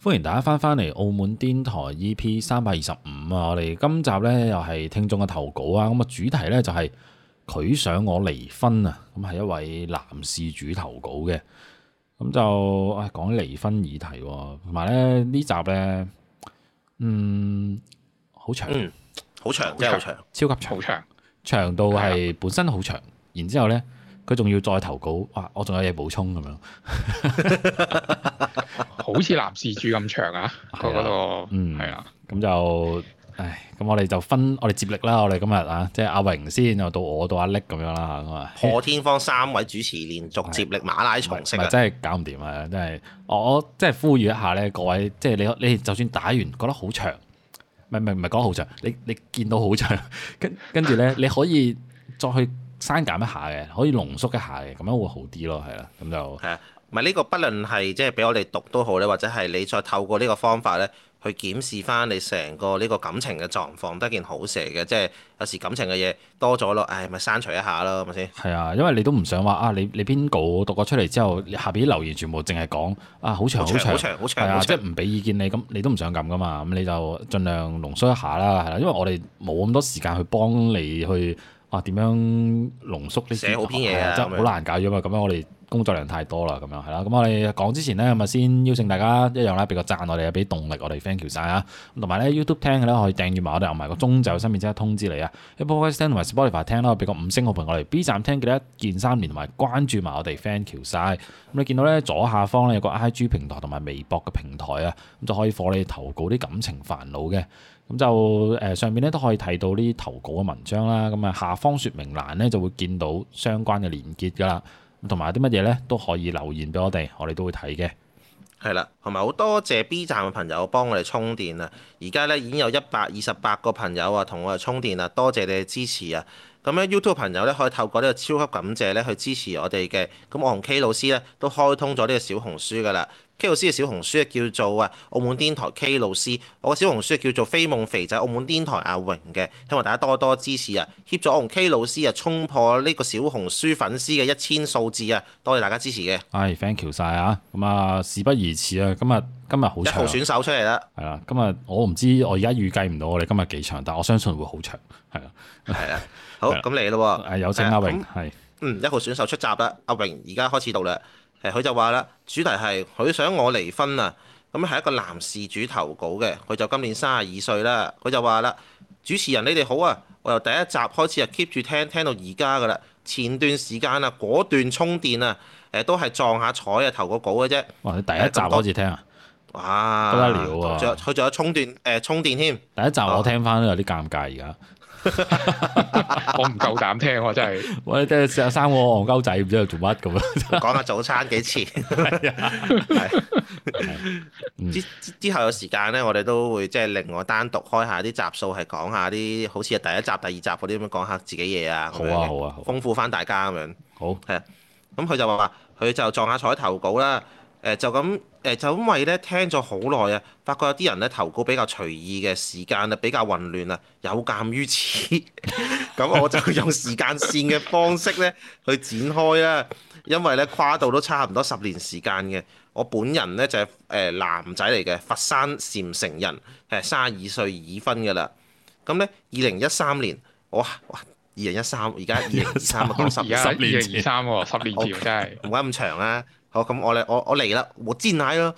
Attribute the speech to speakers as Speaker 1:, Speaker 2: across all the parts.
Speaker 1: 歡迎大家翻返嚟澳門電台 EP 三百二十五啊！我哋今集呢又係聽眾嘅投稿啊！咁啊主題呢就係佢想我離婚啊！咁係一位男事主投稿嘅，咁就誒講離婚議題，同埋呢呢集呢，嗯，好長，嗯，好長，真係好長，長，超級長，長長度係本身好長，然之後呢。佢仲要再投稿，哇！我仲有嘢補充咁樣，
Speaker 2: 好似男士住咁長
Speaker 3: 啊！佢嗰度，
Speaker 1: 嗯，係啊，咁就，唉，咁我哋就分，我哋接力啦，我哋今日啊，即係阿榮先，又到我，到阿叻咁樣啦嚇，咁啊，破天荒
Speaker 3: 三位主持連續接力馬拉松式啊，真係
Speaker 1: 搞唔掂啊！真係，我真我，真我真係呼籲一下咧，各位，即係你你就算打完覺得好長，唔係唔係唔係講好長，你你見到好長，跟跟住咧你可以再去。刪減一下嘅，可以濃縮一下嘅，咁樣會好
Speaker 3: 啲咯，係啦，咁就係啊，唔係呢個，不論係即係俾我哋讀都好咧，或者係你再透過呢個方法咧去檢視翻你成個呢個感情嘅狀況，都係件好事嚟嘅。即係有時感情嘅嘢多咗咯，唉，咪刪除一下咯，係咪先？
Speaker 1: 係啊，因為你都唔想話啊，你你邊稿讀過出嚟之後，你下邊留言全部淨係講啊，好長好長好長好長，係啊，即係唔俾意見你咁，你都唔想咁噶嘛，咁你就儘量濃縮一下啦，係啦，因為我哋冇咁多時間去幫你去。哇！點、啊、樣濃縮啲書？寫好嘢啊，係好、啊、難搞咗嘛。咁樣我哋工作量太多啦，咁樣係啦。咁我哋講之前呢，咁咪先邀請大家一樣咧俾個讚我哋啊，俾動力我哋 thank you 晒啊。同埋呢 YouTube 聽嘅咧可以訂閱埋我哋，同埋個鐘就新片即刻通知你啊，謝謝啊。Apple 聽同埋 Spotify 聽啦，俾個五星好評我哋。B 站聽記得一鍵三連同埋關注埋我哋 thank you 晒。咁你見到呢左下方呢，有個 IG 平台同埋微博嘅平台啊，咁就可以幫你投稿啲感情煩惱嘅。咁就誒上面咧都可以睇到呢啲投稿嘅文章啦，咁啊下方説明欄咧就會見到相關嘅連結噶啦，同埋啲乜嘢咧都可以留言俾我哋，我哋都會睇嘅。
Speaker 3: 係啦，同埋好多謝 B 站嘅朋友幫我哋充電啊！而家咧已經有一百二十八個朋友啊同我哋充電啦，多謝你哋支持啊！咁咧 YouTube 朋友咧可以透過呢個超級感謝咧去支持我哋嘅，咁我同 K 老師咧都開通咗呢個小紅書噶啦。K 老師嘅小紅書叫做啊澳門癲台 K 老師。L、C，我嘅小紅書叫做飛夢肥仔澳門癲台阿榮嘅，希望大家多多支持啊！協助我同 K 老師啊，L C，衝破呢個小紅書粉絲嘅一千數字啊！多謝大家支持嘅。
Speaker 1: 係、哎、，thank you 晒啊！咁啊，事不宜遲啊，今日今日好長。一號選
Speaker 3: 手出嚟啦。
Speaker 1: 係啦，今日我唔知我而家預計唔到我哋今日幾長，但我相信會好長。係
Speaker 3: 啊！係啦，好咁嚟的咯。係有請阿榮，係嗯，一號選手出閘啦，阿榮而家開始到啦。誒佢就話啦，主題係佢想我離婚啊，咁係一個男事主投稿嘅，佢就今年三十二歲啦，佢就話啦，主持人你哋好啊，我由第一集開始啊 keep 住聽聽到而家噶啦，前段時間啊，果斷充電啊，誒都係撞下彩啊投個稿嘅啫。
Speaker 1: 哇！你第一集開始聽啊，
Speaker 3: 哇，不得了啊！佢仲有，有充電誒、呃、充電添。
Speaker 1: 第一集我聽翻都有啲尷尬而家。啊
Speaker 3: 我唔夠膽聽我真
Speaker 1: 係，我真係生個憨鳩仔，唔知喺度做乜咁咯。
Speaker 3: 講下早餐幾錢？係 之 之後有時間咧，我哋都會即係另外單獨開下啲集數，係講下啲好似第一集、第二集嗰啲咁樣講下自己嘢啊。好啊，好啊，好。豐富翻大家咁樣。好、嗯。係啊。咁佢就話，話佢就撞下彩投稿啦。誒就咁誒就因為咧聽咗好耐啊，發覺有啲人咧投稿比較隨意嘅時間啊比較混亂啊，有鑒於此，咁我就用時間線嘅方式咧去展開啊。因為咧跨度都差唔多十年時間嘅。我本人咧就係誒男仔嚟嘅，佛山禪城人，誒三十二歲已婚噶啦。咁咧二零一三年，我哇二零一三，而家二零一三啊，十年十年前，真係唔該咁長啦。好，咁我嚟。我我嚟啦，我煎奶啦，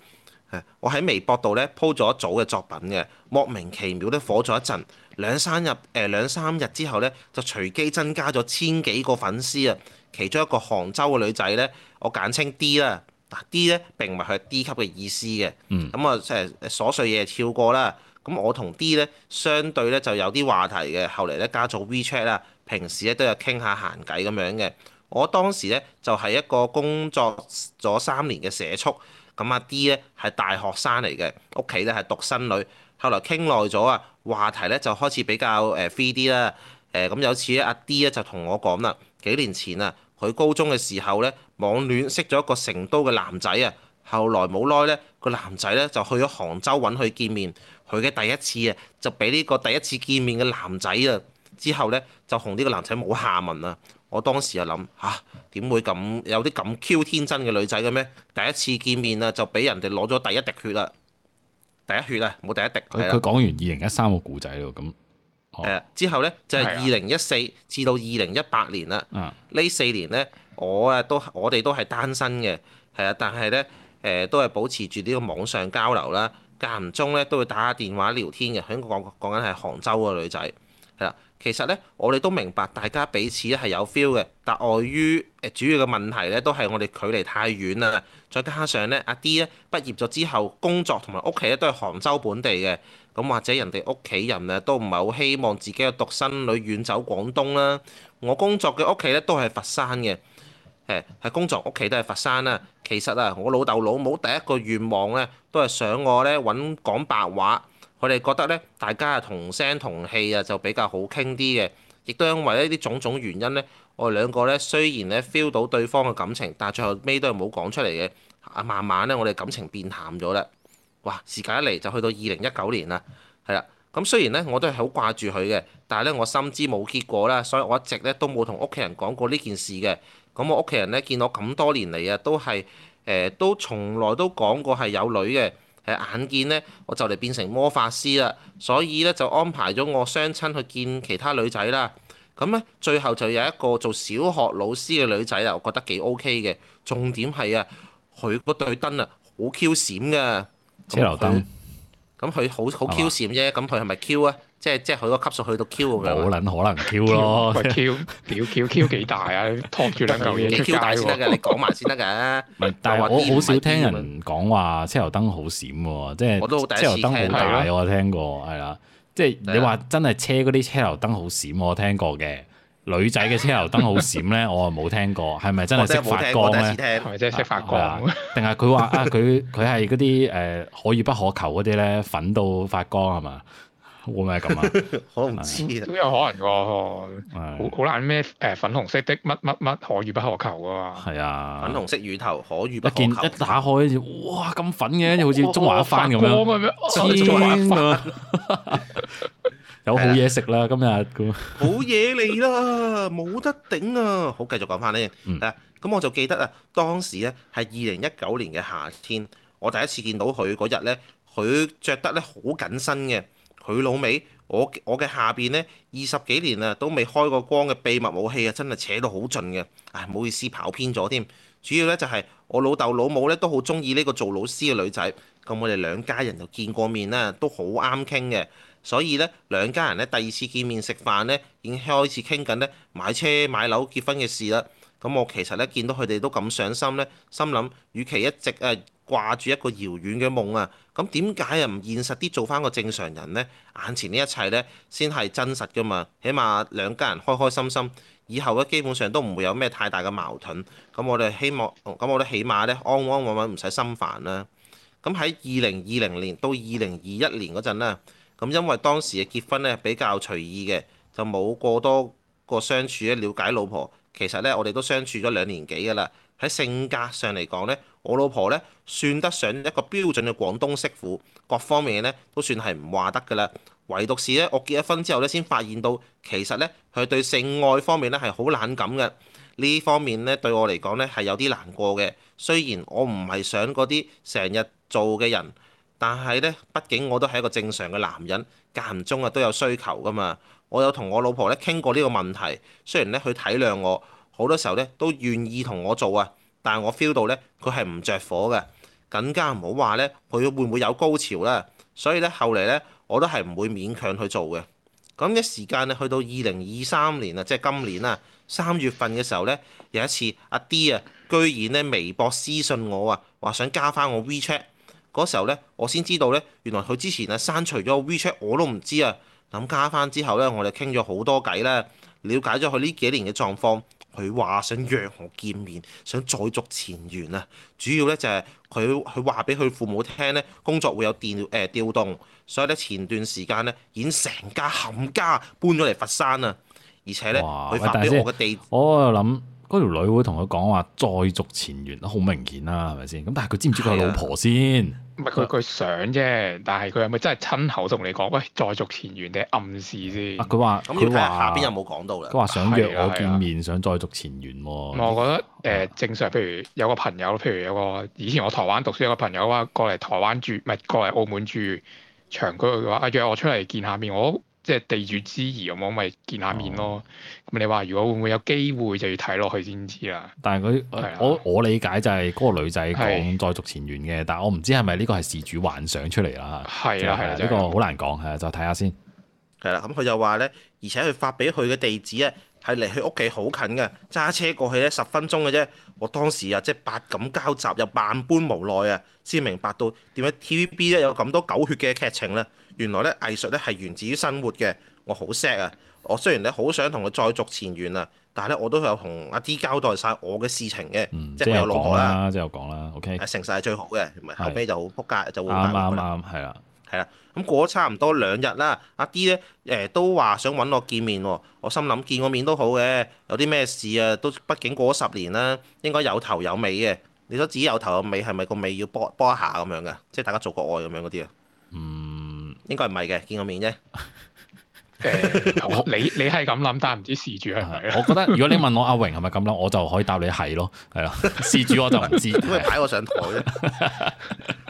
Speaker 3: 我喺微博度咧鋪咗一組嘅作品嘅，莫名其妙咧火咗一陣，兩三日，誒、呃、兩三日之後咧就隨機增加咗千幾個粉絲啊，其中一個杭州嘅女仔咧，我簡稱 D 啦，嗱 D 咧並唔係佢 D 級嘅意思嘅，咁啊即係瑣碎嘢跳過啦，咁我同 D 咧相對咧就有啲話題嘅，後嚟咧加咗 WeChat 啦，平時咧都有傾下閒偈咁樣嘅。我當時咧就係、是、一個工作咗三年嘅社畜，咁、啊、阿 D 咧係大學生嚟嘅，屋企咧係獨生女。後來傾耐咗啊，話題咧就開始比較誒 free 啲啦。誒、呃、咁有次咧、啊，阿 D 咧就同我講啦，幾年前啊，佢高中嘅時候咧網戀識咗一個成都嘅男仔啊，後來冇耐咧個男仔咧就去咗杭州揾佢見面，佢嘅第一次啊就俾呢個第一次見面嘅男仔啊，之後咧就同呢個男仔冇下文啦。我當時就諗吓，點會咁有啲咁 Q 天真嘅女仔嘅咩？第一次見面啊，就俾人哋攞咗第一滴血啦，第一血啊，冇第一滴。佢佢講
Speaker 1: 完二零一三個故仔咯，咁
Speaker 3: 之後呢，就係二零一四至到二零一八年啦。呢的四年呢，我啊都我哋都係單身嘅，係啊，但係呢，誒、呃、都係保持住呢個網上交流啦，間唔中呢，都會打下電話聊天嘅。香港講緊係杭州嘅女仔，係啦。其實咧，我哋都明白大家彼此咧係有 feel 嘅，但礙於誒主要嘅問題咧，都係我哋距離太遠啦，再加上咧阿 D 咧畢業咗之後工作同埋屋企咧都係杭州本地嘅，咁或者人哋屋企人啊都唔係好希望自己嘅獨生女遠走廣東啦。我工作嘅屋企咧都係佛山嘅，誒係工作屋企都係佛山啦。其實啊，我老豆老母第一個願望咧都係想我咧揾講白話。我哋覺得呢，大家係同聲同氣啊，就比較好傾啲嘅。亦都因為呢啲種種原因呢，我哋兩個呢，雖然呢 feel 到對方嘅感情，但係最後尾都係冇講出嚟嘅。慢慢呢，我哋感情變淡咗啦。哇，時間一嚟就去到二零一九年啦，係啦。咁雖然呢，我都係好掛住佢嘅，但係呢，我深知冇結果啦，所以我一直呢都冇同屋企人講過呢件事嘅。咁我屋企人呢，見到咁多年嚟啊，都係、呃、都從來都講過係有女嘅。眼見咧，我就嚟變成魔法師啦，所以咧就安排咗我相親去見其他女仔啦。咁咧最後就有一個做小學老師嘅女仔啊，我覺得幾 OK 嘅，重點係啊，佢個對燈啊好 Q 閃嘅車頭燈。咁佢好好 Q 閃啫，咁佢係咪 Q 啊？即係即係佢個級數去到 Q 咁樣，冇
Speaker 2: 撚可能 Q 咯，Q 屌 Q，Q 幾大啊？拖住兩嚿嘢出街喎。Q 大先得嘅，你講埋先得嘅。但係我好少聽人
Speaker 1: 講話車頭燈好閃喎，即係車頭燈好大我聽過係啦。即係你話真係車嗰啲車頭燈好閃，我聽過嘅。女仔嘅車頭燈好閃咧，我冇聽過。係咪真係識發光咧？係
Speaker 2: 咪真係識發光？
Speaker 1: 定係佢話啊？佢佢係嗰啲誒可遇不可求嗰啲咧，粉到發光係嘛？會咩咁
Speaker 2: 啊？我唔知都有可能噶，好好難咩誒？粉紅色的乜乜乜可遇不可求噶嘛？係啊，粉
Speaker 3: 紅色乳頭可遇不可求，一
Speaker 1: 件一打開，哇，咁粉嘅，好似中華一番咁樣，
Speaker 3: 天
Speaker 1: 有好嘢食啦！今日咁
Speaker 3: 好嘢嚟啦，冇得頂啊！好，繼續講翻呢，咁我就記得啊，當時咧係二零一九年嘅夏天，我第一次見到佢嗰日咧，佢着得咧好緊身嘅。佢老味，我我嘅下邊咧二十幾年啊都未開過光嘅秘密武器啊，真係扯到好盡嘅。唉，唔好意思跑偏咗添。主要咧就係我老豆老母咧都好中意呢個做老師嘅女仔。咁我哋兩家人就見過面啦，都好啱傾嘅。所以咧兩家人咧第二次見面食飯咧已經開始傾緊咧買車買樓結婚嘅事啦。咁我其實咧見到佢哋都咁上心咧，心諗與其一直誒掛住一個遙遠嘅夢啊，咁點解啊唔現實啲做返個正常人咧？眼前呢一切咧先係真實㗎嘛，起碼兩家人開開心心，以後咧基本上都唔會有咩太大嘅矛盾。咁我哋希望，咁我哋起碼咧安安穩穩唔使心煩啦。咁喺二零二零年到二零二一年嗰陣咧，咁因為當時嘅結婚咧比較隨意嘅，就冇過多個相處咧，瞭解老婆。其實咧，我哋都相處咗兩年幾噶啦。喺性格上嚟講咧，我老婆咧算得上一個標準嘅廣東媳婦，各方面嘅咧都算係唔話得噶啦。唯獨是咧，我結咗婚之後咧，先發現到其實咧佢對性愛方面咧係好冷感嘅。呢方面咧對我嚟講咧係有啲難過嘅。雖然我唔係想嗰啲成日做嘅人，但係咧畢竟我都係一個正常嘅男人，間唔中啊都有需求噶嘛。我有同我老婆咧傾過呢個問題，雖然咧佢體諒我，好多時候咧都願意同我做啊，但係我 feel 到咧佢係唔着火嘅，更加唔好話咧佢會唔會有高潮啦。所以咧後嚟咧我都係唔會勉強去做嘅。咁嘅時間咧去到二零二三年啊，即係今年啊，三月份嘅時候咧，有一次阿 D 啊，居然咧微博私信我啊，話想加返我 WeChat，嗰時候咧我先知道咧，原來佢之前啊刪除咗 WeChat 我，我都唔知啊。咁加翻之後咧，我哋傾咗好多偈咧，了解咗佢呢幾年嘅狀況。佢話想約我見面，想再續前緣啊！主要咧就係佢，佢話俾佢父母聽咧，工作會有調誒調動，所以咧前段時間咧，已經成家冚家搬咗嚟佛山啊！而且咧，佢發俾我嘅地
Speaker 1: 址，我諗嗰條女會同佢講話再續前緣，好明顯啦、啊，係咪先？咁但係佢知唔知佢老婆先？
Speaker 3: 佢佢想
Speaker 2: 啫，但係佢係咪真係親口同你講？喂，再續前緣定暗示先？佢話、啊，佢話下邊有冇講到啦？佢話說說想約我見
Speaker 1: 面，想再續前緣
Speaker 2: 喎、哦嗯。我覺得誒、呃、正常，譬如有個朋友，譬如有個以前我台灣讀書有個朋友話過嚟台灣住，唔係過嚟澳門住長居嘅話，約我出嚟見下面，我即係地主之誼咁，我、嗯、咪見下面咯。嗯。咪你話，如果會唔會有機會，就要睇落去先知他啊？但係佢，
Speaker 1: 我我理解就係嗰個女仔講再續前緣嘅，啊、但我唔知係咪呢個係事主幻想出嚟啦。係啊，係啊，呢個好難講，係、啊啊、就睇下先。
Speaker 3: 係啦、啊，咁、嗯、佢就話咧，而且佢發俾佢嘅地址啊，係離佢屋企好近嘅，揸車過去咧十分鐘嘅啫。我當時啊，即係百感交集又萬般無奈啊，先明白到點解 TVB 咧有咁多狗血嘅劇情咧，原來咧藝術咧係源自於生活嘅，我好 sad 啊！我雖然咧好想同佢再續前緣啊，但係咧我都有同阿 D 交代晒我嘅事情嘅，即係有老婆啦，即係有講啦，OK。誠實係最好嘅，唔係後尾就好撲街就會啱啱啱係啦，係啦。咁過咗差唔多兩日啦，阿 D 咧誒都話想揾我見面喎。我心諗見個面都好嘅，有啲咩事啊都，畢竟過咗十年啦，應該有頭有尾嘅。你所指有頭有尾係咪個尾要波波一下咁樣嘅？即係大家做個愛咁樣嗰啲啊？嗯，應該唔係嘅，見個面啫。 你你係咁諗，但係唔知事主係咪？我覺得如果你
Speaker 1: 問我 阿榮係咪咁諗，我就可以答你係咯，係啦。
Speaker 3: 事主我就唔知，擺我上台啫。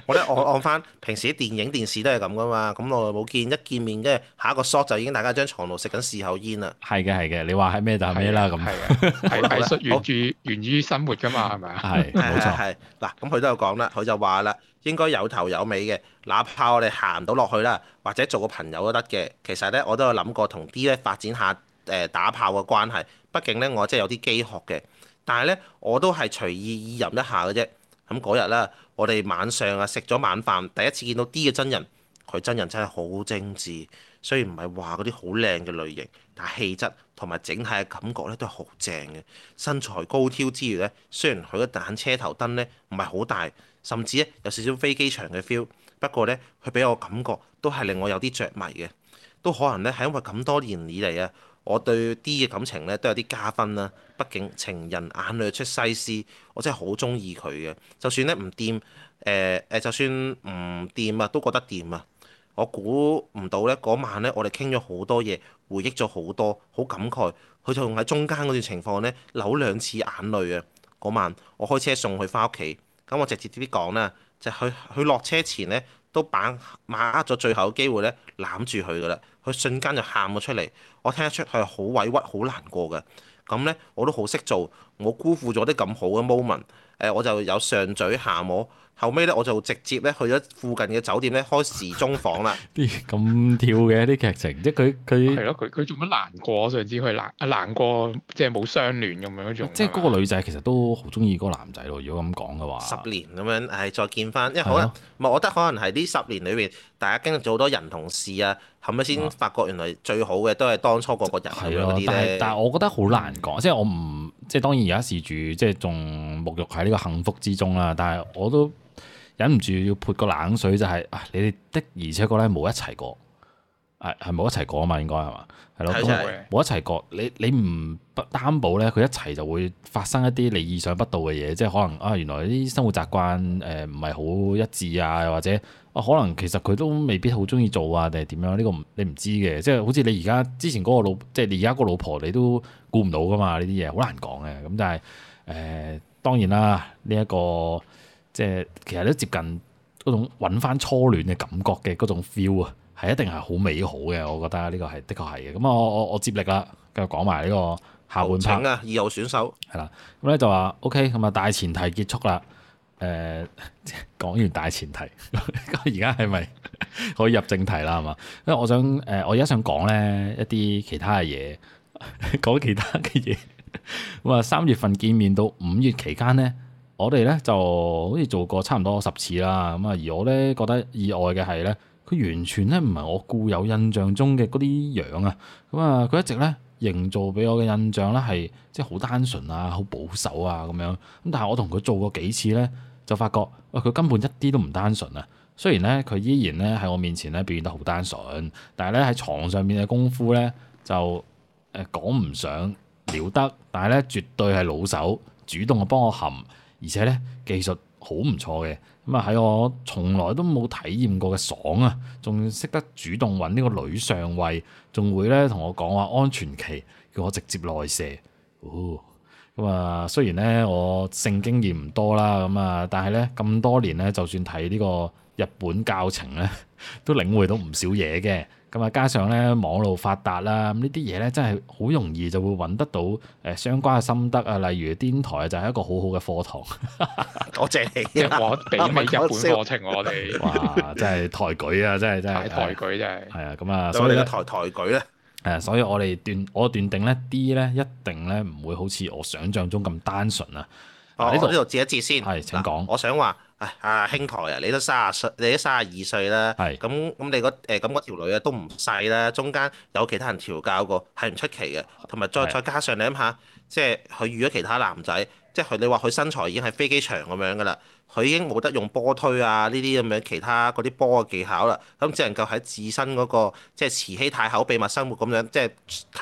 Speaker 3: 我咧按翻平時啲電影、電視都係咁噶嘛，咁我冇見，一見面跟住下一個 shot 就已經大家張床度食緊事後煙啦。係嘅，係嘅，
Speaker 1: 你話係咩就係咩啦，咁係係屬
Speaker 3: 源於源於生活噶嘛，係咪啊？係冇錯。係。嗱，咁佢都有講啦，佢就話啦。應該有頭有尾嘅，哪怕我哋行唔到落去啦，或者做個朋友都得嘅。其實呢，我都有諗過同 D 咧發展下誒、呃、打炮嘅關係，畢竟呢，我真係有啲飢渴嘅。但係呢，我都係隨意意淫一下嘅啫。咁嗰日啦，我哋晚上啊食咗晚飯，第一次見到 D 嘅真人，佢真人真係好精緻。雖然唔係話嗰啲好靚嘅類型，但係氣質同埋整體嘅感覺咧都係好正嘅。身材高挑之餘呢，雖然佢嗰盞車頭燈呢唔係好大。甚至咧有少少飛機場嘅 feel，不過咧佢俾我感覺都係令我有啲着迷嘅，都可能咧係因為咁多年以嚟啊，我對 D 嘅感情咧都有啲加分啦、啊。畢竟情人眼裏出西施，我真係好中意佢嘅。就算咧唔掂誒誒，就算唔掂啊，都覺得掂啊。我估唔到咧嗰晚咧，我哋傾咗好多嘢，回憶咗好多，好感慨。佢仲喺中間嗰段情況咧流兩次眼淚啊！嗰晚我開車送佢返屋企。咁我直接啲啲講啦，就佢佢落車前咧都把把握咗最後嘅機會咧攬住佢噶啦，佢瞬間就喊咗出嚟，我聽得出佢係好委屈，好難過嘅。咁咧我都好識做，我辜負咗啲咁好嘅 moment，誒我就有上嘴下摸。後尾咧，我就直接咧去咗附近嘅酒店咧開時鐘房啦。
Speaker 1: 咁跳嘅啲劇情，即係佢佢係
Speaker 3: 咯，佢佢做乜難過？我最知佢係難難過，即係冇相戀咁樣嗰種。
Speaker 1: 即係嗰個女仔其實都好中意嗰個
Speaker 3: 男仔喎。如果咁講嘅話，十年咁樣，係，再見翻，因為可能唔係，我覺得可能係呢十年裏邊，大家經歷咗好多人同事啊。後尾先發覺原來最好嘅都係當初嗰個人。係咯。但係
Speaker 1: 我覺得好難講、嗯，即係我唔即係當然而家事主即係仲沐浴喺呢個幸福之中啦。但係我都忍唔住要潑個冷水，就係、啊、你哋的而且確咧冇一齊過，係係冇一齊過吖嘛？應該係嘛？係咯，冇的一齊過。你你唔不擔保咧，佢一齊就會發生一啲你意想不到嘅嘢，即係可能啊，原來啲生活習慣誒唔係好一致啊，或者。可能其實佢都未必好中意做啊，定係點樣？呢個唔你唔知嘅，即係好似你而家之前嗰個老，即係你而家個老婆，你都顧唔到噶嘛？呢啲嘢好難講嘅。咁但係誒，當然啦，呢一個即係其實都接近嗰種揾翻初戀嘅感覺嘅嗰種 feel 啊，係一定係好美好嘅。我覺得呢個係的確係嘅。咁啊，我我接力啦，繼續講埋呢個下半場啊，
Speaker 3: 二號選手
Speaker 1: 係啦。咁咧就話 OK，咁啊大前提結束啦。誒、嗯、講完大前提，而家係咪可以入正題啦？係嘛，因為我想誒，我而家想講咧一啲其他嘅嘢，講其他嘅嘢。咁啊，三月份見面到五月期間咧，我哋咧就好似做過差唔多十次啦。咁啊，而我咧覺得意外嘅係咧，佢完全咧唔係我固有印象中嘅嗰啲樣啊。咁啊，佢一直咧營造俾我嘅印象咧係即係好單純啊，好保守啊咁樣。咁但係我同佢做過幾次咧，就發覺，哇！佢根本一啲都唔單純啊。雖然咧，佢依然咧喺我面前咧表現得好單純，但係咧喺床上面嘅功夫咧就誒講唔上了得，但係咧絕對係老手，主動嘅幫我含，而且咧技術好唔錯嘅。咁啊喺我從來都冇體驗過嘅爽啊，仲識得主動揾呢個女上位，仲會咧同我講話安全期，叫我直接內射。哦。咁啊，雖然咧我性經驗唔多啦，咁啊，但係咧咁多年咧，就算睇呢個日本教程咧，都領會到唔少嘢嘅。咁啊，加上咧網路發達啦，咁呢啲嘢咧真係好容易就會揾得到誒相關嘅心得啊。例如，電台就係一個好好嘅課
Speaker 3: 堂。多謝，謝你、啊，我俾埋日本課程我哋。 哇！
Speaker 1: 真係抬舉啊！真係真係抬舉真係。係啊，咁啊，所以而家抬
Speaker 3: 抬舉咧。
Speaker 1: 誒，所以我哋斷，我斷定咧，啲咧一定咧唔會好似我想象中咁單純啊！
Speaker 3: 呢度、哦，呢度截一截先，係請講、啊。我想話，誒、哎、啊，兄台啊，你都三啊歲，你都三啊二歲啦，係是。咁咁，那你嗰咁嗰條女啊，都唔細啦，中間有其他人調教過，係唔出奇嘅。同埋再的再加上你諗下，即係佢遇咗其他男仔，即係佢，你話佢身材已經係飛機場咁樣噶啦。佢已經冇得用波推啊，呢啲咁樣其他嗰啲波嘅技巧啦，咁只能夠喺自身嗰個即係慈禧太后秘密生活咁樣，即係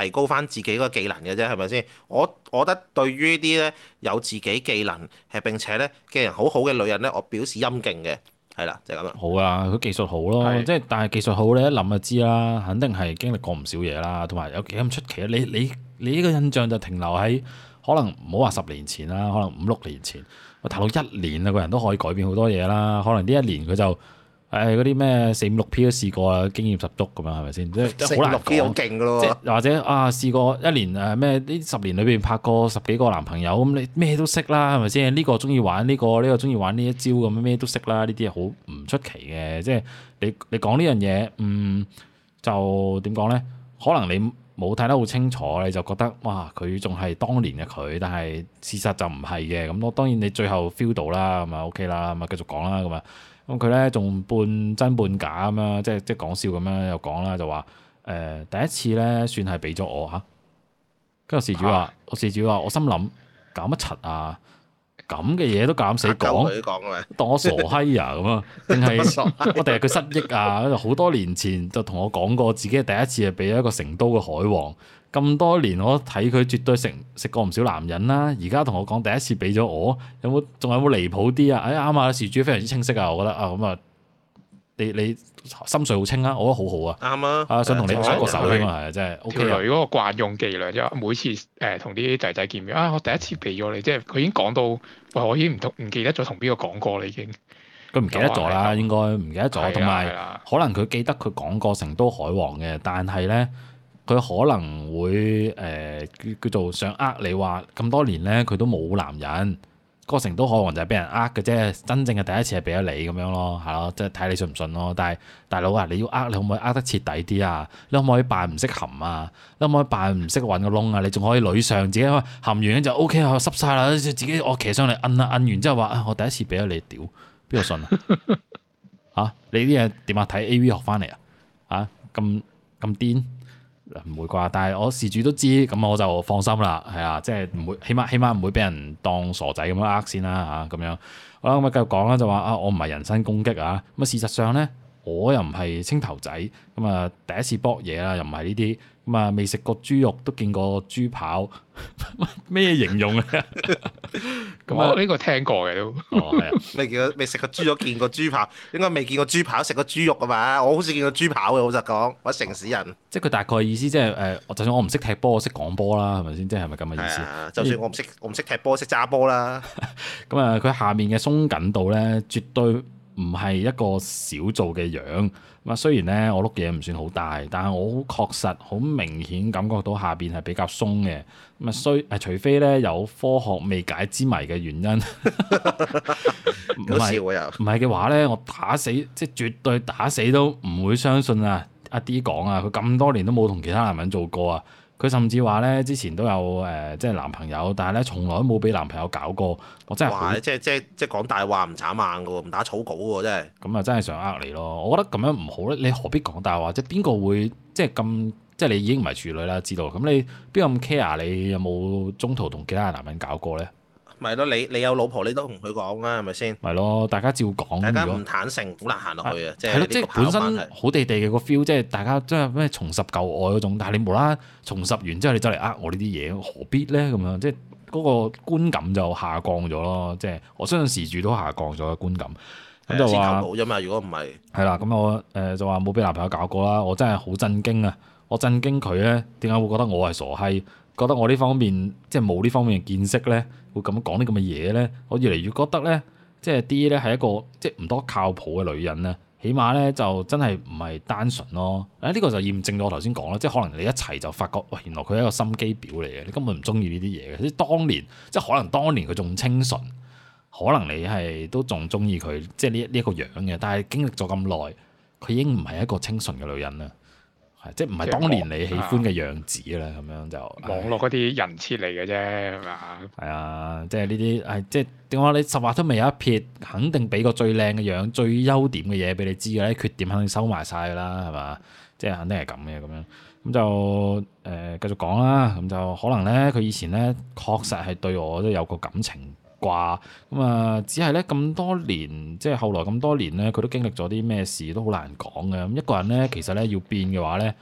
Speaker 3: 提高翻自己嗰個技能嘅啫，係咪先？我我覺得對於啲咧有自己技能係並且咧嘅人好好嘅女人咧，我表示欽敬嘅，係啦，就係咁樣。好啊，
Speaker 1: 佢技術好咯，即係但係技術好你一諗就知啦，肯定係經歷過唔少嘢啦，同埋有幾咁出奇啊！你你你呢個印象就停留喺可能唔好話十年前啦，可能五六年前。大佬，一年啊，個人都可以改變好多嘢啦。可能呢一年佢就誒嗰啲咩四五六 P 都試過，經驗十足咁樣，係咪先？即係好難講。即
Speaker 3: 係、好勁
Speaker 1: 㗎囉、或者啊，試過一年誒咩？呢、啊、十年裏邊拍過十幾個男朋友咁，這個這個這個就是，你咩都識啦，係咪先？呢個中意玩呢個，呢個中意玩呢一招咁，咩都識啦。呢啲係好唔出奇嘅。即係你你講呢樣嘢，嗯，就點講咧？可能你。冇睇得好清楚，你就覺得哇佢仲係當年嘅佢，但係事實就唔係嘅咁。我當然你最後 feel 到啦，咁啊 OK 啦，咁啊繼續講啦，咁啊咁佢咧仲半真半假咁啦，即係即係講笑咁樣，又講啦就話誒、呃、第一次咧算係俾咗我嚇，跟、啊、住事主話，啊、我事主話我心諗搞乜柒啊！咁嘅嘢都夠膽死講，
Speaker 3: 啊、當我傻
Speaker 1: 閪啊咁啊？定係我哋係佢失憶啊？好 多年前就同我講過，自己第一次係俾咗一個成都嘅海王。咁多年我睇佢絕對食食過唔少男人啦、啊。而家同我講第一次俾咗我，有冇仲有冇離譜啲啊？哎呀啱啊，事主非常之清晰啊，我覺得啊咁啊。你你心水好清啊，我覺得好好啊，啱
Speaker 2: 啊，啊想同你拍個手啊嘛，即係的，條女嗰個慣用伎倆啫，每次誒同啲仔仔見面啊，我第一次畀咗你，即係佢已經講到，哇、哎，我已經唔同唔記得咗同邊個講過啦，已經，
Speaker 1: 佢唔記得咗啦，的應該唔記得咗，同埋可能佢記得佢講過成都海王嘅，但係咧，佢可能會誒叫、呃、叫做想呃你話，咁多年咧佢都冇男人。個成都可能就係俾人呃嘅啫，真正嘅第一次係俾咗你咁樣咯，係咯，即係睇你信唔信咯。但係大佬啊，你要呃，你可唔可以呃得徹底啲啊？你可唔可以扮唔識含啊？你可唔可以扮唔識揾個窿啊？你仲可以女上自己含完就 OK 啊，濕晒啦，自己我騎上嚟摁啊摁完之後話，我第一次俾咗你屌，邊度信啊？嚇、 啊！你啲嘢點啊？睇 A V 學翻嚟啊？嚇、啊！咁咁癲？唔會啩，但係我事主都知，咁我就放心啦，係啊，即係唔會，起碼起碼唔會俾人當傻仔咁樣呃先啦嚇，咁樣好啦，咁啊繼續講啦，就話啊，我唔係人身攻擊啊，咁啊事實上咧，我又唔係青頭仔，咁啊第一次博嘢啦，又唔係呢啲。咁啊，未食過豬肉都見過豬跑，咩形容咧？咁 樣、哦、我呢個
Speaker 3: 聽過嘅都，未見，未 食、哦啊、過豬，肉。見過豬扒應該未見過豬扒，食過豬肉啊嘛。我好似見過豬扒嘅，老實講，我城市人。
Speaker 1: 即係佢大概意思，即係誒，就算我唔識踢波，我識講波啦，係咪先？即係咪咁嘅意思、啊？就算我唔
Speaker 3: 識，我唔識踢波，識揸波啦。
Speaker 1: 咁啊，佢下面嘅鬆緊度咧，絕對唔係一個少做嘅樣。咁啊，雖然咧我碌嘢唔算好大，但係我確實好明顯感覺到下邊係比較鬆嘅。咁啊，雖除非咧有科學未解之謎嘅原因，
Speaker 3: 唔係唔
Speaker 1: 係嘅話咧，我打死即係絕對打死都唔會相信啊！阿 D 講啊，佢咁多年都冇同其他男人做過啊！佢甚至話咧，之前都有誒，即係男朋友，但係咧，從來都冇俾男朋友搞過，我真係話
Speaker 3: 即係即係即係講大話唔眨眼嘅唔打草稿喎，真係。咁啊，真係想呃你咯？我
Speaker 1: 覺得咁樣唔好咧，你何必講大話？即係邊個會即係咁？即係你已經唔係處女啦，知道？咁你邊有咁 care？你有冇中途同其他男人搞過咧？
Speaker 3: 咪咯，你你有老婆，你都同佢講啊，係咪先？
Speaker 1: 咪咯，大家照講。大家唔坦
Speaker 3: 誠，好難行落去啊。係咯，即係本身
Speaker 1: 好地地嘅個 feel，即係大家真係咩重拾舊愛嗰種。但係你無啦，重拾完之後你走嚟呃我呢啲嘢，何必咧咁樣？即係嗰個觀感就下降咗咯。即係我相信時柱都下降咗嘅觀感。咁對就話，先好
Speaker 3: 啫嘛，如果唔
Speaker 1: 係。係啦，咁我誒就話冇俾男朋友搞過啦，我真係好震驚啊！我震驚佢咧，點解會覺得我係傻閪？覺得我呢方面即係冇呢方面嘅見識呢，會咁講啲咁嘅嘢呢。我越嚟越覺得呢，即係啲呢係一個即係唔多靠譜嘅女人呢，起碼呢就真係唔係單純咯。誒、啊、呢、呢個就驗證咗我頭先講啦，即係可能你一齊就發覺，原來佢係一個心機婊嚟嘅，你根本唔中意呢啲嘢嘅。即當年即係可能當年佢仲清純，可能你係都仲中意佢，即係呢呢一個樣嘅。但係經歷咗咁耐，佢已經唔係一個清純嘅女人啦。
Speaker 2: 係，即係唔係當年你喜歡嘅樣子啦，咁、啊、樣就網絡嗰啲人設嚟嘅啫，係嘛？係啊，
Speaker 1: 即係呢啲，誒些，即係點講咧？你實話都未有一撇，肯定俾個最靚嘅樣、嗯、最優點嘅嘢俾你知嘅，啲、嗯、缺點肯定收埋晒啦，係嘛？即係肯定係咁嘅，咁樣咁就誒繼、呃、續講啦。咁就可能咧，佢以前咧確實係對我都有個感情。掛咁啊！只係咧咁多年，即係後來咁多年咧，佢都經歷咗啲咩事都好難講嘅。咁一個人咧，其實咧要變嘅話咧，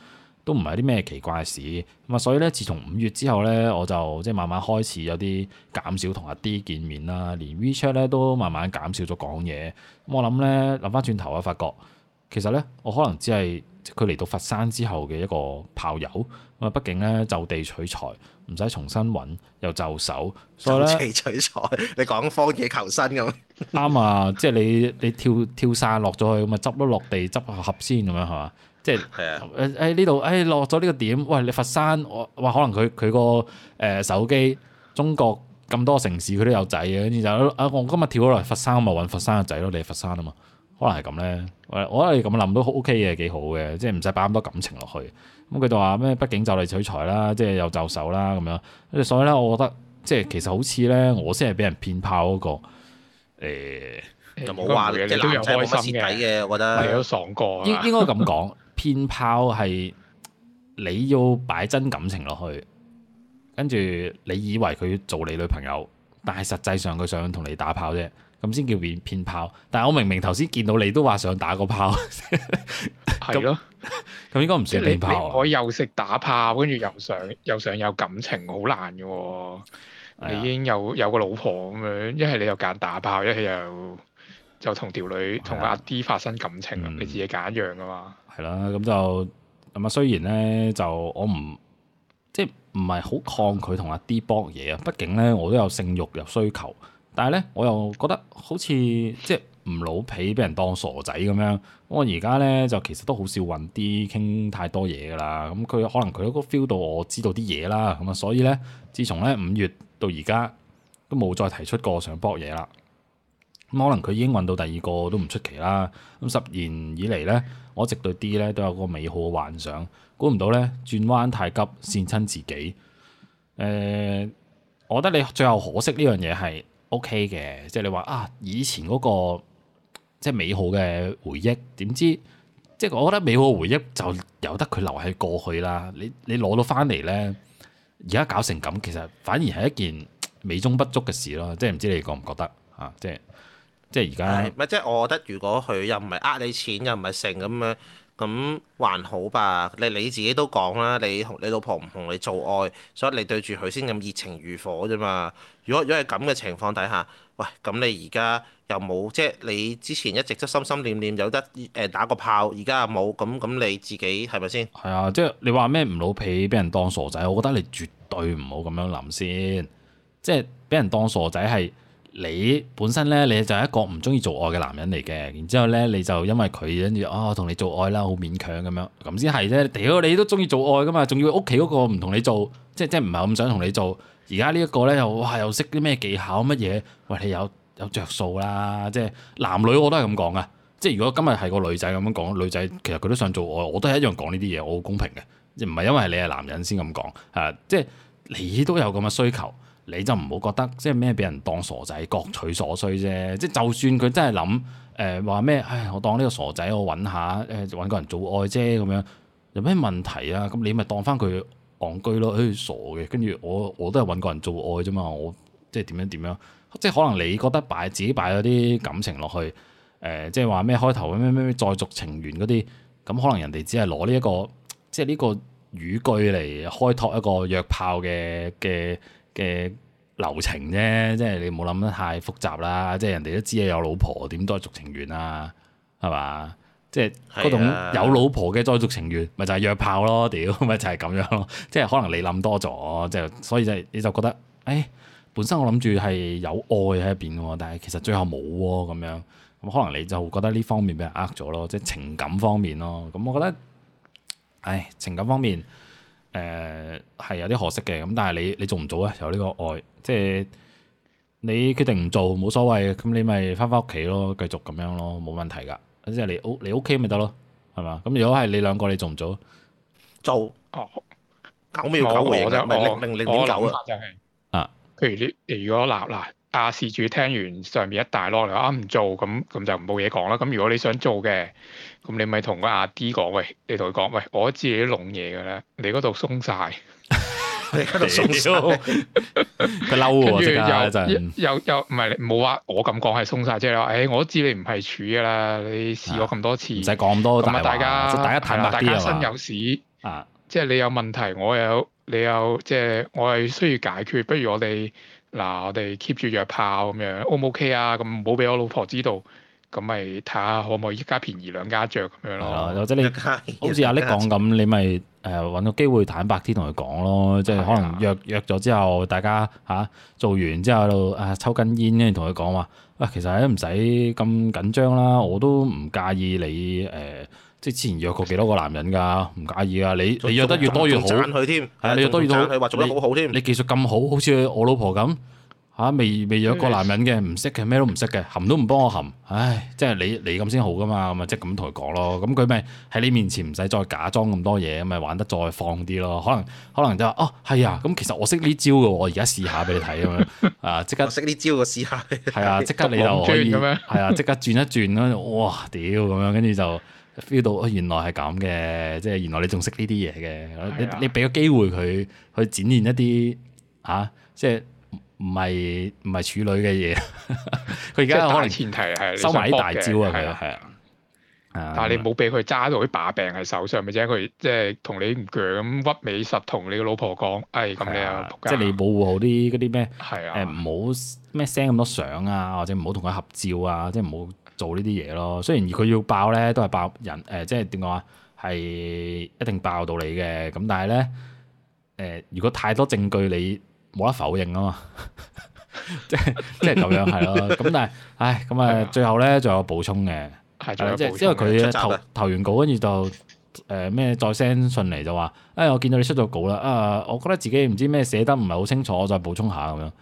Speaker 1: 都唔係啲咩奇怪嘅事。咁啊，所以咧，自從五月之後咧，我就即係慢慢開始有啲減少同阿 D 見面啦，連 WeChat 咧都慢慢減少咗講嘢。咁我諗咧，諗翻轉頭啊，我發覺其實咧，我可能只係佢嚟到佛山之後嘅一個炮友。啊，畢竟咧就地取材，唔使重新揾又就手，所以咧
Speaker 3: 取材，你講荒野求生咁
Speaker 1: 啱啊！即係你你跳跳傘落咗去咁啊，執都落地執下盒先咁樣係嘛？即係誒誒呢度誒落咗呢個點？喂，你佛山，我哇，可能佢佢、嗰個誒、呃、手機中國咁多城市佢都有仔嘅，跟住就啊我今日跳咗落佛山，我咪揾佛山嘅仔咯，你係佛山啊嘛，可能係咁咧。我我覺得你咁諗都 O K 嘅，幾好嘅，即係唔使擺咁多感情落去。咁佢就話咩？畢竟就嚟取財啦，即係又就手啦，咁樣。所以咧、那個欸，我覺得即係其實好似咧，我先係俾人騙炮嗰個。
Speaker 3: 誒，又冇話即你都有開心底嘅，我覺得。係都爽過。應應該咁
Speaker 1: 講，騙炮係你要擺真感情落去，跟住你以為佢做你女朋友，但係實際上佢想同你打炮啫。咁先叫騙炮，但係我明明頭先見到你都話想打個炮，
Speaker 2: 係咯，咁應該唔算騙炮。我又識打炮，跟住又想又想有感情，好難噶。你已經有有個老婆咁樣，一係你又揀打炮，一係又就同條女同阿 D 發生感情，你自己揀一樣噶嘛。
Speaker 1: 係啦，咁就咁啊。雖然咧，就我唔即係唔係好抗拒同阿 D 幫嘢啊。畢竟咧，我都有性欲，有需求。但係咧，我又覺得好似即係唔老被俾人當傻仔咁樣。我而家咧就其實都好少揾啲傾太多嘢噶啦。咁佢可能佢都個 feel 到我知道啲嘢啦。咁啊，所以咧，自從咧五月到而家都冇再提出過想搏嘢啦。咁可能佢已經揾到第二個都唔出奇啦。咁十年以嚟咧，我一直對 D 咧都有個美好嘅幻想，估唔到咧轉彎太急，跣親自己。誒、呃，我覺得你最後可惜呢樣嘢係。O.K. 嘅，即係你話啊，以前嗰個即係美好嘅回憶，點知即係我覺得美好嘅回憶就由得佢留喺過去啦。你你攞到翻嚟咧，而家搞成咁，其實反而係一件美中不足嘅事咯。即係唔知你覺唔覺得，覺得啊？即係即係而家。係
Speaker 3: 咪即係我覺得，如果佢又唔係呃你錢，又唔係成咁樣。咁還好吧，你你自己都講啦，你你老婆唔同你做愛，所以你對住佢先咁熱情如火啫嘛。如果如果係咁嘅情況底下，喂，咁你而家又冇，即係你之前一直都心心念念有得誒打個炮，而家又冇，咁咁你自己係咪先？
Speaker 1: 係啊，即係你話咩唔老皮，俾人當傻仔。我覺得你絕對唔好咁樣諗先，即係俾人當傻仔係。你本身咧，你就係一個唔中意做愛嘅男人嚟嘅，然之後咧，你就因為佢跟住啊，同你做愛啦，好勉強咁樣，咁先係啫。屌，你都中意做愛噶嘛，仲要屋企嗰個唔同你做，即係即係唔係咁想同你做。而家呢一個咧，又哇又識啲咩技巧乜嘢？喂，你有有著數啦，即係男女我都係咁講噶，即係如果今日係個女仔咁樣講，女仔其實佢都想做愛，我都係一樣講呢啲嘢，我好公平嘅，即唔係因為你係男人先咁講啊，即係你都有咁嘅需求。你就唔好覺得即係咩俾人當傻仔，各取所需啫。即係就算佢真係諗誒話咩，唉，我當呢個傻仔，我揾下誒揾個人做愛啫，咁樣有咩問題啊？咁你咪當翻佢憨居咯，唉、欸，傻嘅。跟住我我都係揾個人做愛啫嘛，我即係點樣點樣。即係可能你覺得擺自己擺咗啲感情落去誒、呃，即係話咩開頭咩咩咩再續情緣嗰啲咁，可能人哋只係攞呢一個即係呢個語句嚟開拓一個約炮嘅嘅嘅流程啫，即係你冇諗得太複雜啦。即係人哋都知你有老婆，點再續情緣啊？係嘛？即係嗰種有老婆嘅再續情緣，咪是、啊、就係約炮咯？屌，咪就係咁樣咯。即係可能你諗多咗，即就所以就你就覺得，誒、哎，本身我諗住係有愛喺入邊，但係其實最後冇咁樣。咁可能你就覺得呢方面俾人呃咗咯，即係情感方面咯。咁我覺得，唉、哎，情感方面。誒係有啲可惜嘅，咁但係你你做唔做咧？有呢個愛，即係你決定唔做冇所謂，咁你咪翻返屋企咯，繼續咁樣咯，冇問題㗎。即係你 O 你 OK 咪得咯，係嘛？咁如果係你兩個，你做唔做？
Speaker 2: 做哦，九秒九秒啊！零零零點九啊！啊，譬如你你如果立嗱。啊事主聽完上面一大攞嚟，你話唔做咁咁就冇嘢講啦。咁如果你想做嘅，咁你咪同個阿 D 講，喂，你同佢講，喂，我知你啲龍嘢㗎啦，你嗰度鬆晒，你
Speaker 3: 喺度鬆曬，
Speaker 2: 佢嬲又又又唔係冇話我咁講係鬆曬即係話。誒，我都知你唔係處㗎啦，你試過咁多次，唔使講咁多，咁啊大家大家坦白啲大家身有事即係、啊、你有問題，我有，你有即係、就是，我係需要解決，不如我哋。嗱、啊，我哋 keep 住約炮咁樣，O 唔 O K 啊？咁唔好俾我老婆知道，咁咪睇下可唔可以一家便宜兩家著咁樣咯。或者、啊就是、你
Speaker 1: 好似阿叻 i 講咁，你咪誒揾個機會坦白啲同佢講咯，即係可能約約咗之後，大家嚇、啊、做完之後，誒、啊、抽根煙跟住同佢講話，喂、啊，其實都唔使咁緊張啦，我都唔介意你誒。呃即係之前約過幾多個男人噶，唔介意啊！你還你約得越多越好，賺佢添。係啊，你越多越好，賺佢話做得好好添。你技術咁好，好似我老婆咁嚇、啊，未未約過男人嘅，唔識嘅，咩都唔識嘅，含都唔幫我含。唉，即係你你咁先好噶嘛，咁啊即係咁同佢講咯。咁佢咪喺你面前唔使再假裝咁多嘢，咁咪玩得再放啲咯。可能可能就話哦係啊，咁、啊、其實我識呢招嘅，我而家試下俾你睇 啊！即刻識呢招嘅試下，係 啊！即刻、啊、刻你就。可以係啊！即刻轉一轉啦！哇屌咁樣，跟住就～feel 到原來係咁嘅，即係原來你仲識呢啲嘢嘅。你你俾個機會佢去展現一啲吓，即係唔係唔係處女嘅嘢。
Speaker 2: 佢而家可能前提係收埋啲大招啊，佢係啊。但係你冇俾佢揸到啲把柄喺手上咪啫。佢即係同你唔咁屈尾十同你個老婆講，係咁你啊，即係你
Speaker 1: 保護好啲嗰啲咩？係啊，誒唔好咩 send 咁多相啊，或者唔好同佢合照啊，即係唔好。做呢啲嘢咯，雖然佢要爆咧都係爆人，誒即係點講啊，係、就是、一定爆到你嘅，咁但係咧誒，如果太多證據你冇得否認啊嘛，
Speaker 3: 即係即係咁樣係咯，咁、 嗯、但係，
Speaker 1: 唉，咁、嗯、啊，最後咧仲有補充嘅，係，即係是因為佢投投完稿跟住就誒咩、呃、再 send 信嚟就話，唉、 哎，我見到你出咗稿啦，啊，我覺得自己唔知咩寫得唔係好清楚，我再補充下咁樣。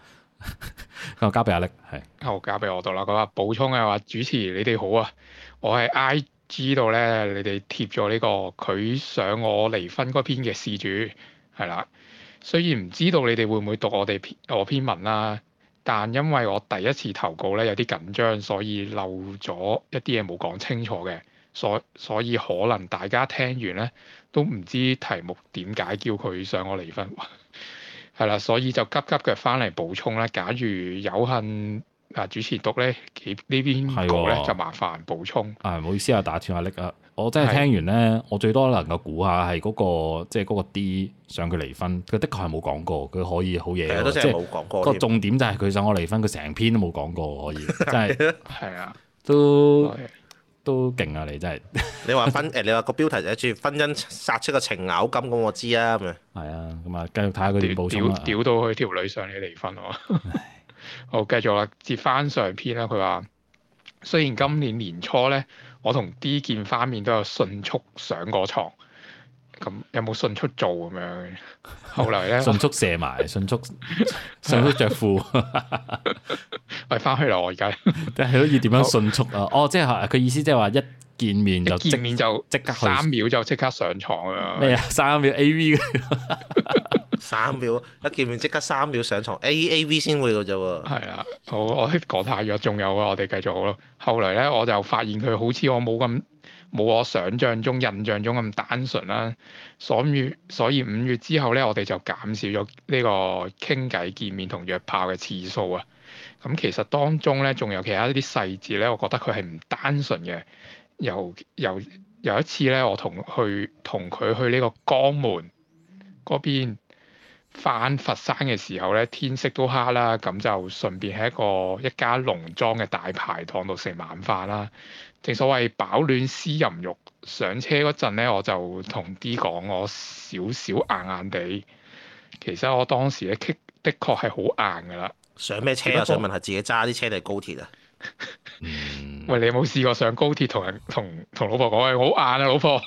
Speaker 1: 咁 交俾阿力，係，
Speaker 2: 好，交俾我讀啦。佢話補充嘅、啊、話，主持你哋好啊，我係 I G 度咧，你哋貼咗呢個佢想我離婚嗰篇嘅事主，係啦、啊。雖然唔知道你哋會唔會讀我哋篇我篇文啦、啊，但因為我第一次投稿咧有啲緊張，所以漏咗一啲嘢冇講清楚嘅，所以所以可能大家聽完咧都唔知題目點解叫佢想我離婚。係啦，所以就急急腳翻嚟補充咧。假如有幸啊主持讀咧，呢邊講咧的就麻煩補充。
Speaker 1: 啊，唔好意思啊，打斷下你啊。我真係聽完咧，的我最多能夠估下係嗰、嗰個即係嗰個 D 想佢離婚。佢的確係冇講過，佢可以好嘢啊、哦。即係冇講過。個、就係、了重點就係佢想我離婚，佢成篇都冇講過可以。真係係啊，都。都勁啊！你真係，
Speaker 3: 你話婚誒，你話個標題寫住婚姻殺出個程咬金咁，我知啊咁啊。係啊，咁啊，繼續睇下佢段報道。屌屌到佢條女上，你離婚喎。好，繼續啦，接翻上
Speaker 2: 篇啦。佢話，雖然今年年初咧，我同 D 見翻面都有迅速上過床。」咁有冇迅速做咁樣？後嚟咧，迅速射埋，
Speaker 1: 迅速迅速着褲。
Speaker 2: 喂翻去啦，我而
Speaker 1: 家，但係都要點樣迅速啊？哦，即係佢意思即係話一見面就即面就即刻
Speaker 3: 三秒就即刻上床啊？咩啊？三秒 A V 嘅，三秒一見面即刻三秒上床 A A V 先會到啫喎。係啊，我我講太約，
Speaker 2: 仲有啊，我哋繼續好咯。後嚟咧，我就發現佢好似我冇咁。冇我想象中、印象中咁單純啦，啊。所以，所以五月之後咧，我哋就減少咗呢個傾偈、見面同約炮嘅次數啊。咁、嗯、其實當中咧，仲有其他一啲細節咧，我覺得佢係唔單純嘅。由由有一次咧，我同去同佢去呢個江門嗰邊返佛山嘅時候咧，天色都黑啦，咁、嗯、就順便喺一個一家農莊嘅大排檔度食晚飯啦。正所謂飽暖思淫欲，上車嗰陣咧，我就同 D 講我少少硬硬地。其實我當時咧，的確係好硬噶啦。上咩車啊？想問下自己揸啲車定係高鐵啊？嗯、喂，你有冇試過上高鐵同人同同老婆講嘅？好硬啊老婆！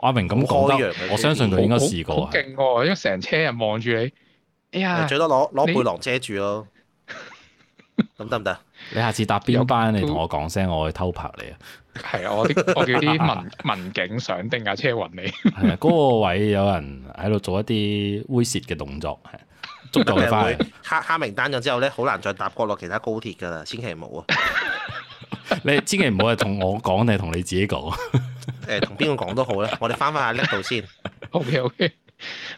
Speaker 1: 阿明咁講呢樣，我相信佢應該試過、嗯，好好。好
Speaker 2: 勁喎、啊！因為成車人望住你。
Speaker 3: 哎呀！最多攞攞背囊遮住咯。咁得唔得？行行
Speaker 1: 你下次搭邊班，點你同我講聲，我去偷拍你
Speaker 3: 啊！係啊， 我啲我叫啲民民 警上定架車揾你。係
Speaker 1: 啊，嗰、嗰個位有人喺度做一啲猥褻嘅動作，係
Speaker 3: 捉住你翻黑黑名單咗之後咧，好難再搭過落其他高鐵噶啦，千祈唔好
Speaker 1: 啊！ 你千祈唔好係同我講定係同你自己講
Speaker 3: 誒，同邊個
Speaker 2: 講都好咧，我哋翻翻下呢度先。OK OK。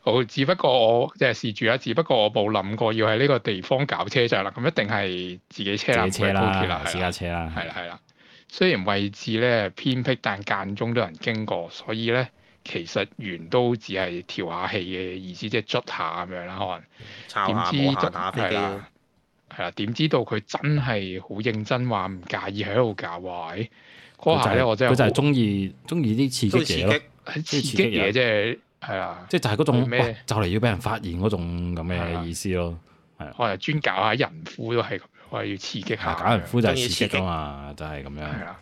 Speaker 2: 好，只不過我即係試住啦，只不過我冇諗過要喺呢個地方搞車場啦，咁一定係自己車啦，自己車啦，自家、OK、車啦，係啦係啦。雖然位置咧偏僻，但間中都有人經過，所以咧其實原都只係調下氣嘅意思，即係捽下咁樣啦。可能點知係啦，係啦，點知道佢、啊啊啊、真係好認真話唔介意喺度搞？哇、啊！嗰個仔咧，我真係佢就係中
Speaker 1: 意中意啲刺激嘢咯，刺激嘢啫
Speaker 2: 即係啊，即係就係嗰種咩，就嚟要俾人發現嗰種
Speaker 1: 咁嘅意思咯。
Speaker 2: 係啊，可能專搞下人夫都係，我係要刺激下。搞人夫就係刺激啊嘛，就係咁樣。係啊，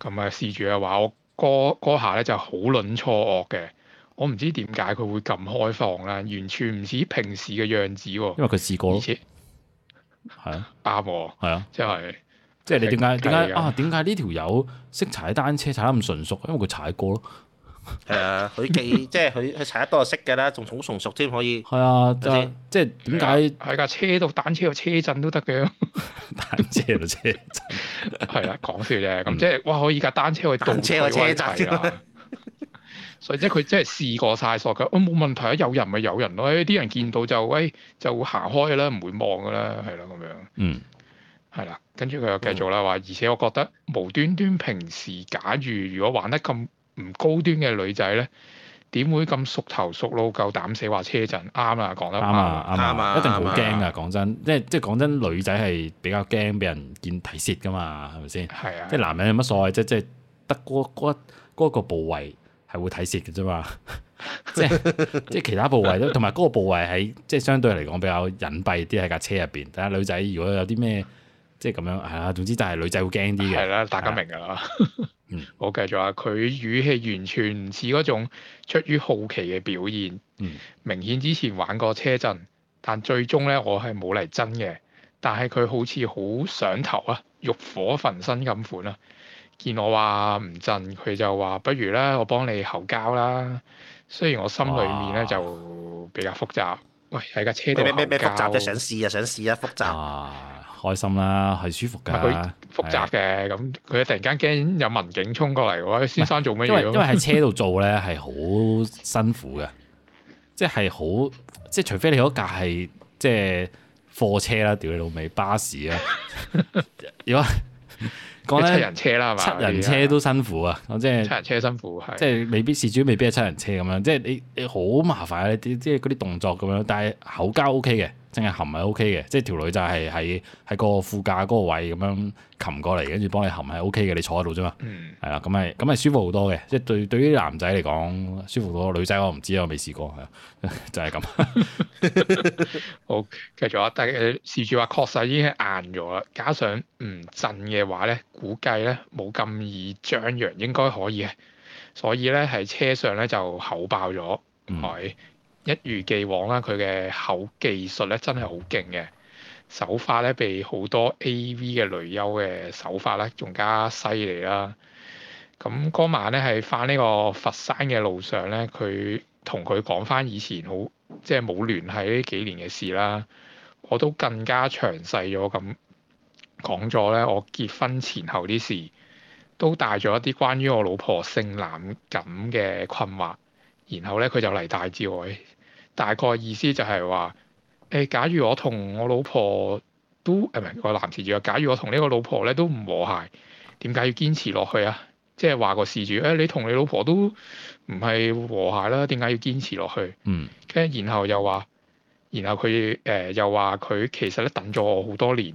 Speaker 2: 咁啊試住嘅話，我個下咧就好卵錯愕嘅。我唔知點解佢會咁開放啦，完全唔似平時嘅樣子。因為佢試過，而且係啊，阿和係啊，即係
Speaker 1: 即係你點解點解啊？點解呢條友識踩單車踩得咁純熟？因為佢踩過咯。
Speaker 3: 誒，佢記、 嗯啊、即係佢佢踩得多就識嘅啦，仲好熟熟添可以。係啊，
Speaker 2: 來即係點解係架車到單車個車震都得嘅？單車到車震。係啊，講笑啫。咁、嗯、即係哇，可以架單車去動車個車震啊！所以即係佢即係試過晒所有，冇、哦、問題啊。有人咪有人咯，啲、哎、人見到就喂、哎、就行開啦，唔會望噶啦，係啦咁樣嗯。嗯，係、嗯、啦，跟住佢又繼續啦話，而且我覺得，我覺得無端端平時，假如如果玩得咁。唔高端嘅女仔咧，點會咁熟頭熟路夠膽死話車震？啱、啊、啦，講得啱啊，啱啊，啊一定好驚噶。
Speaker 1: 講、啊啊、真，即即講真，女仔係比較驚俾人見睇舌噶嘛，係咪先？係啊，即男人有乜所謂？即即得嗰嗰個部位係會睇舌嘅啫嘛，即 即 其他部位都同埋嗰個部位係即相對嚟講比較隱蔽啲喺架車入邊。但係女仔如果有啲咩即咁樣係啊，總之
Speaker 2: 就係女仔會驚啲嘅。係啦、啊，大家明噶啦。我繼續話，佢語氣完全唔似嗰種出於好奇嘅表現，嗯、明顯之前玩過車震，但最終咧我係冇嚟真嘅。但係佢好似好上頭啊，欲火焚身咁款啊！見我話唔震，佢就話不如咧，我幫你喉交啦。雖然我心裏面咧就比較複雜。哇喂，喺架車度咩咩咩複雜啫，想試啊，想
Speaker 3: 試啊，複雜。啊，
Speaker 1: 開心啦、啊，係舒服㗎。
Speaker 2: 複雜嘅，咁佢突然間驚有民警衝過嚟，喎，先生做咩嘢？因為因為喺車度
Speaker 1: 做咧係好辛苦嘅， 即係好即係除非你嗰架係即係貨車啦，屌你老味巴士啊！如果
Speaker 2: 講七人車啦，七人車
Speaker 1: 都辛苦啊，的即係是七人車辛苦，即係未必事主未必係七人車咁樣，即係你你好麻煩咧，即係嗰啲動作咁樣，但係口交 O K 嘅。淨係含係 OK 嘅，即係條女就係喺喺個副駕嗰個位咁樣擒過嚟，跟住幫你含係 OK 嘅，你坐喺度啫嘛，係啦、嗯，咁係咁係舒服好多嘅，即係對對於男
Speaker 2: 仔嚟講舒服好多，女仔我唔知啊，未試過係就係、係、咁。 好，繼續啊，但係事主話確實已經硬咗啦，加上唔震嘅話咧，估計咧冇咁易張揚，應該可以嘅。所以咧喺車上咧就口爆咗，係、嗯。一如既往啦，佢嘅口技術咧真係好勁嘅手法咧，比好多 A.V. 嘅女優嘅手法咧仲加犀利啦。咁、嗯、嗰晚咧係翻呢個佛山嘅路上咧，佢同佢講翻以前好即係冇聯繫呢幾年嘅事啦。我都更加詳細咗咁講咗咧，我結婚前後啲事都帶咗一啲關於我老婆性冷感嘅困惑。然後咧佢就嚟大招咧。大概意思就係話誒，假如我同我老婆都誒唔係個男事主，啊，假如我同呢個老婆咧都唔和諧，點解要堅持落去啊？即係話個事主，誒，你同你老婆都唔係和諧啦，點解要堅持落去？嗯，跟然後又話，然後佢誒、呃、又話佢其實咧等咗我好多年，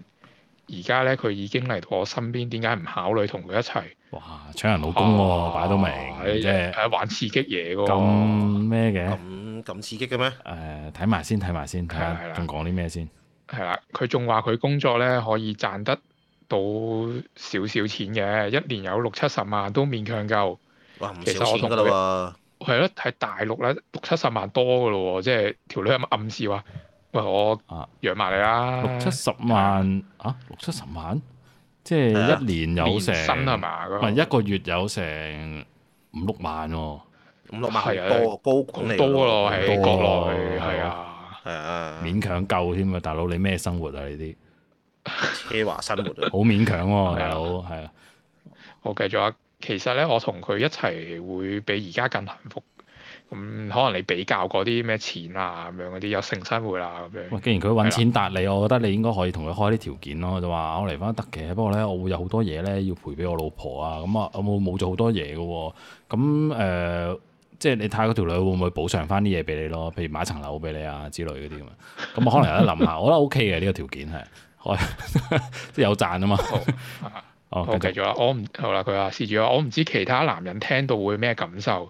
Speaker 2: 而家咧佢已經嚟到我身邊，點解唔考慮同佢一齊？哇！
Speaker 1: 搶人老公喎、啊，擺到、啊、明、啊就係、
Speaker 2: 玩刺激嘢喎，咁咩嘅？嗯咁刺激嘅咩？誒、呃，睇
Speaker 1: 埋先，睇埋先，睇下仲講啲咩
Speaker 2: 先。係啦，佢仲話佢工作咧可以賺得到少少錢嘅，一年有六七十萬都勉強夠。哇，唔少錢㗎啦喎。其實我同佢啦係咯，喺大陸咧六七十萬多㗎咯喎，即係條女有冇暗示話，喂，我養啊養埋你啦。的六七
Speaker 1: 十萬啊？六七十萬，即係一年有成，年薪係嘛？唔、那個、一個月有成五六萬喎。
Speaker 3: 五六萬係多高管嚟多咯，喺國內，係啊，係啊，
Speaker 1: 勉強
Speaker 2: 夠添啊！大佬你咩生活啊？你啲奢
Speaker 3: 華生活，啊，
Speaker 1: 好勉強喎，係啊，
Speaker 2: 係 啊。我、啊啊、繼續啊，其實咧，我同佢一齊會比而家更幸福。咁可能你比較嗰啲咩錢啊咁樣嗰啲有性生活啊咁樣。
Speaker 1: 哇！既然佢揾錢達你，啊、我覺得你應該可以同佢開啲條件咯。就話我嚟翻得嘅，不過咧我會有好多嘢咧要賠俾我老婆啊。咁啊，我冇做好多嘢嘅。咁誒？呃即係你睇嗰條女會唔會補償翻啲嘢俾你咯，譬如買一層樓俾你啊之類嗰啲咁啊，
Speaker 2: 咁可能有得諗下， 我覺得 O K 嘅呢個條件係，即係 有賺啊嘛。好，我繼續啦，我唔好啦，佢話試住，我唔知其他男人聽到會咩感受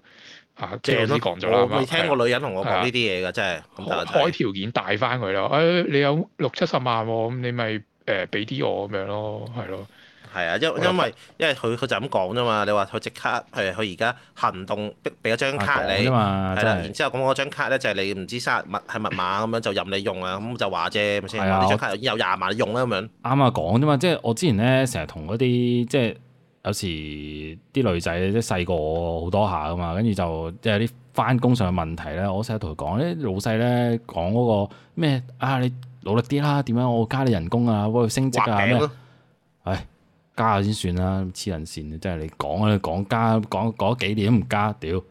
Speaker 2: 啊。我都講咗啦，未聽過女人同我講呢啲嘢噶，真係、啊、開條件帶翻
Speaker 3: 佢啦。誒的、哎，你有六七十萬，咁你咪誒俾啲我咁樣咯，係咯。係啊，因因為因為佢佢就咁講啫嘛。你話佢即刻誒，佢而家行動俾俾咗張卡你，係啦。然之後咁嗰張卡咧就係你唔知生日密係密碼咁樣 的就任你用啊。咁就話啫，咪先的。係啊，的張卡有廿萬我用啦咁樣。
Speaker 1: 啱啊，講啫嘛。即係我之前咧成日同嗰啲即係有時啲女仔即係細過我好多下噶嘛。跟住就即係啲翻工上嘅問題咧，我成日同佢講咧，老細咧講嗰個咩啊？你努力啲啦，點樣我加你人工啊，幫佢升職啊.加咗先算啦，黐人線啊！真係你講你講加，講講幾年都唔加，屌！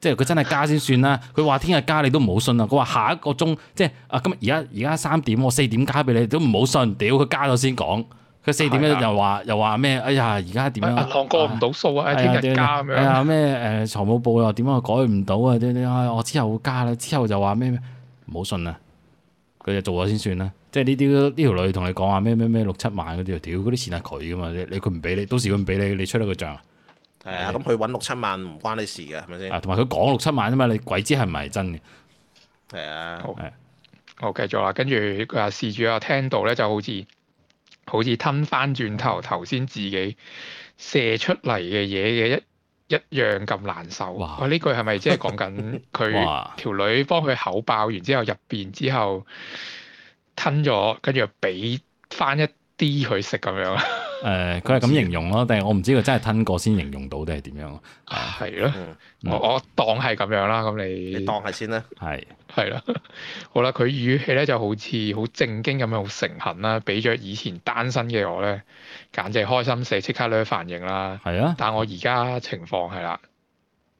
Speaker 1: 即係佢真係加先算啦。佢話聽日加你，你都唔好信啊。佢話下一個鐘，即係啊，今日而家而家三點，我四點加俾你，都唔好信，屌！佢加咗先講，佢四點咧又話是、啊、又話咩？哎呀，而家點
Speaker 2: 啊？過唔到數啊！聽日加咁樣。
Speaker 1: 咩誒財務部又點樣？我改唔到啊！啲啲啊，我之後會加啦。之後就話咩咩唔好信啊！佢就，就做咗先算啦。即係呢啲，呢條女同你講話，咩咩咩六七萬嗰啲，屌嗰啲錢係佢噶嘛？你佢唔俾你，到時佢唔俾你，你出得個賬係啊，咁
Speaker 3: 佢搵六七萬唔關你事噶，係咪先？同埋佢
Speaker 1: 講六七萬啫嘛，你鬼知係唔係真嘅？係啊，
Speaker 3: 啊好，好，繼，
Speaker 2: 我繼續啦。跟住佢話事主啊，聽到咧就好似好似吞翻轉頭頭先自己射出嚟嘅嘢嘅，一一樣咁難受。哇！呢哇句係咪即係講緊佢條女幫佢口爆完之後入邊之後？吞咗，跟住又俾翻一啲佢食咁樣。誒、呃，佢係咁形
Speaker 1: 容咯，定係我唔知佢真係吞過先形容到定係點樣？
Speaker 2: 係咯、啊，我、啊嗯嗯、我當係咁樣啦。咁你你當係先啦。係係啦。好啦、啊，佢語氣咧就好似好正經咁樣，好誠懇啦。俾咗以前單身嘅我咧，簡直開心死，即刻兩反應啦。係啊。但係我而家情況係啦。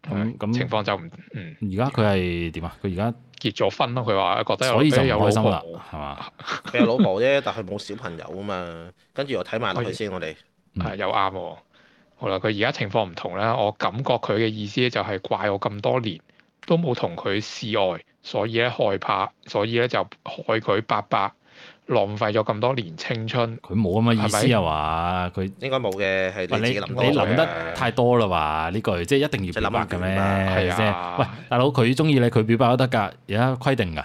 Speaker 2: 咁咁情
Speaker 3: 況就唔嗯。而
Speaker 1: 家佢係點啊？佢而家。
Speaker 2: 結咗婚咯，
Speaker 3: 佢話覺得有以就開心老婆，係嘛吧？佢有老婆啫， 但係冇小朋友啊嘛。跟住我睇埋佢先，以我哋係又啱喎。好啦，佢而家
Speaker 2: 情況唔同咧，我感覺佢嘅意思咧就係怪我咁多年都冇同佢示愛，所以咧害怕，所以咧就害佢白白，浪費咗咁多年青春，佢冇咁嘅意思啊嘛吧，佢它
Speaker 3: 應該冇嘅，係你自己諗得太
Speaker 2: 多啦嘛，呢的句即係一定要表白嘅咩？
Speaker 3: 係啊，喂，
Speaker 1: 大佬佢中意你，佢表白都得㗎，而家規定㗎。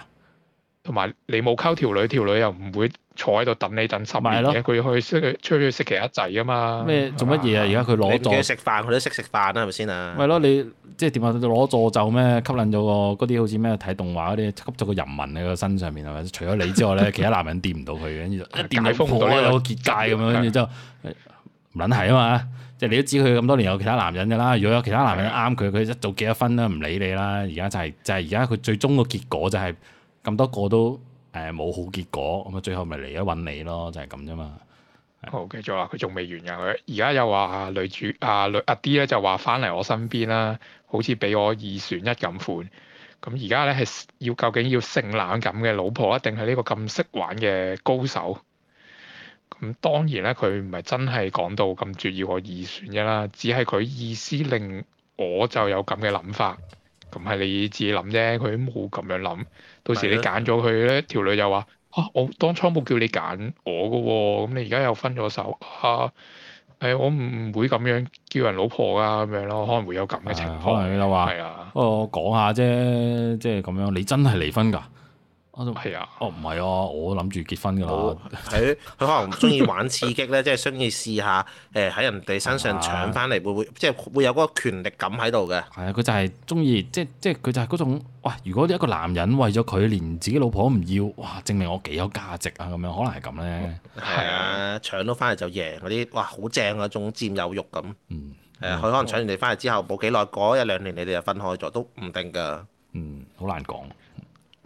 Speaker 3: 同埋你冇
Speaker 2: 溝條女，條女又唔會坐喺度等你等十年嘅，佢要去識佢，出去識其他仔啊嘛。咩做乜嘢啊？而家佢攞
Speaker 3: 座食飯，佢都識食飯啦，係咪先啊？係
Speaker 1: 咯，你即係點啊？攞助咒咩？吸引咗個嗰啲好似咩睇動畫嗰啲，吸咗個人民喺個身上面係咪？除咗你之外咧，其他男人掂唔到佢嘅，一掂到破又結界咁樣，跟住之後唔撚係啊嘛，即係你都知佢咁多年有其他男人嘅啦。如果有其他男人啱佢，佢一早結咗婚啦，唔理你啦。而家就係就係而家佢最終個結果就係。咁多個都誒冇、呃、好結果，咁啊最後咪嚟咗搵你咯，就係咁啫嘛。
Speaker 2: 好，繼續話佢仲未完嘅佢，而家又話女主啊女阿、啊、D 咧就話返嚟我身邊啦，好似俾我二選一咁款。咁而家咧係要究竟要性冷感嘅老婆一定係呢個咁識玩嘅高手？咁當然咧，佢唔係真係講到咁絕，要我二選一啦，只係佢意思令我就有咁嘅諗法。咁係你自己諗啫，佢冇咁樣諗。到時你揀咗佢咧，呢條女又話：嚇、啊，我當初冇叫你揀我噶喎，咁你而家又分咗手啊？誒、哎，我唔會咁樣叫人老婆噶咁樣咯，可能會有咁嘅情況。可
Speaker 1: 能佢係啊，的我講下啫，即係咁樣。你真係離婚㗎？
Speaker 3: 啊，係啊！ 哦，
Speaker 2: 唔
Speaker 1: 係啊，我諗住結婚噶啦。
Speaker 3: 佢佢可能中意玩刺激咧，即係想嘅試下誒喺人哋身上搶翻嚟，會唔會即係會有嗰個權力感喺度嘅？
Speaker 1: 係啊，佢就係中意即即係佢就係嗰種哇！如果一個男人為咗佢連自己老婆都唔要，哇！證明我幾有價值啊咁樣，可能係咁咧。嗯，
Speaker 3: 係啊，搶到翻嚟就贏嗰啲哇，好正啊！種佔有欲咁。嗯。誒，嗯，佢可能搶完你翻嚟之後，冇幾耐，過一兩年你哋就分開咗，都唔定㗎。嗯，好難講。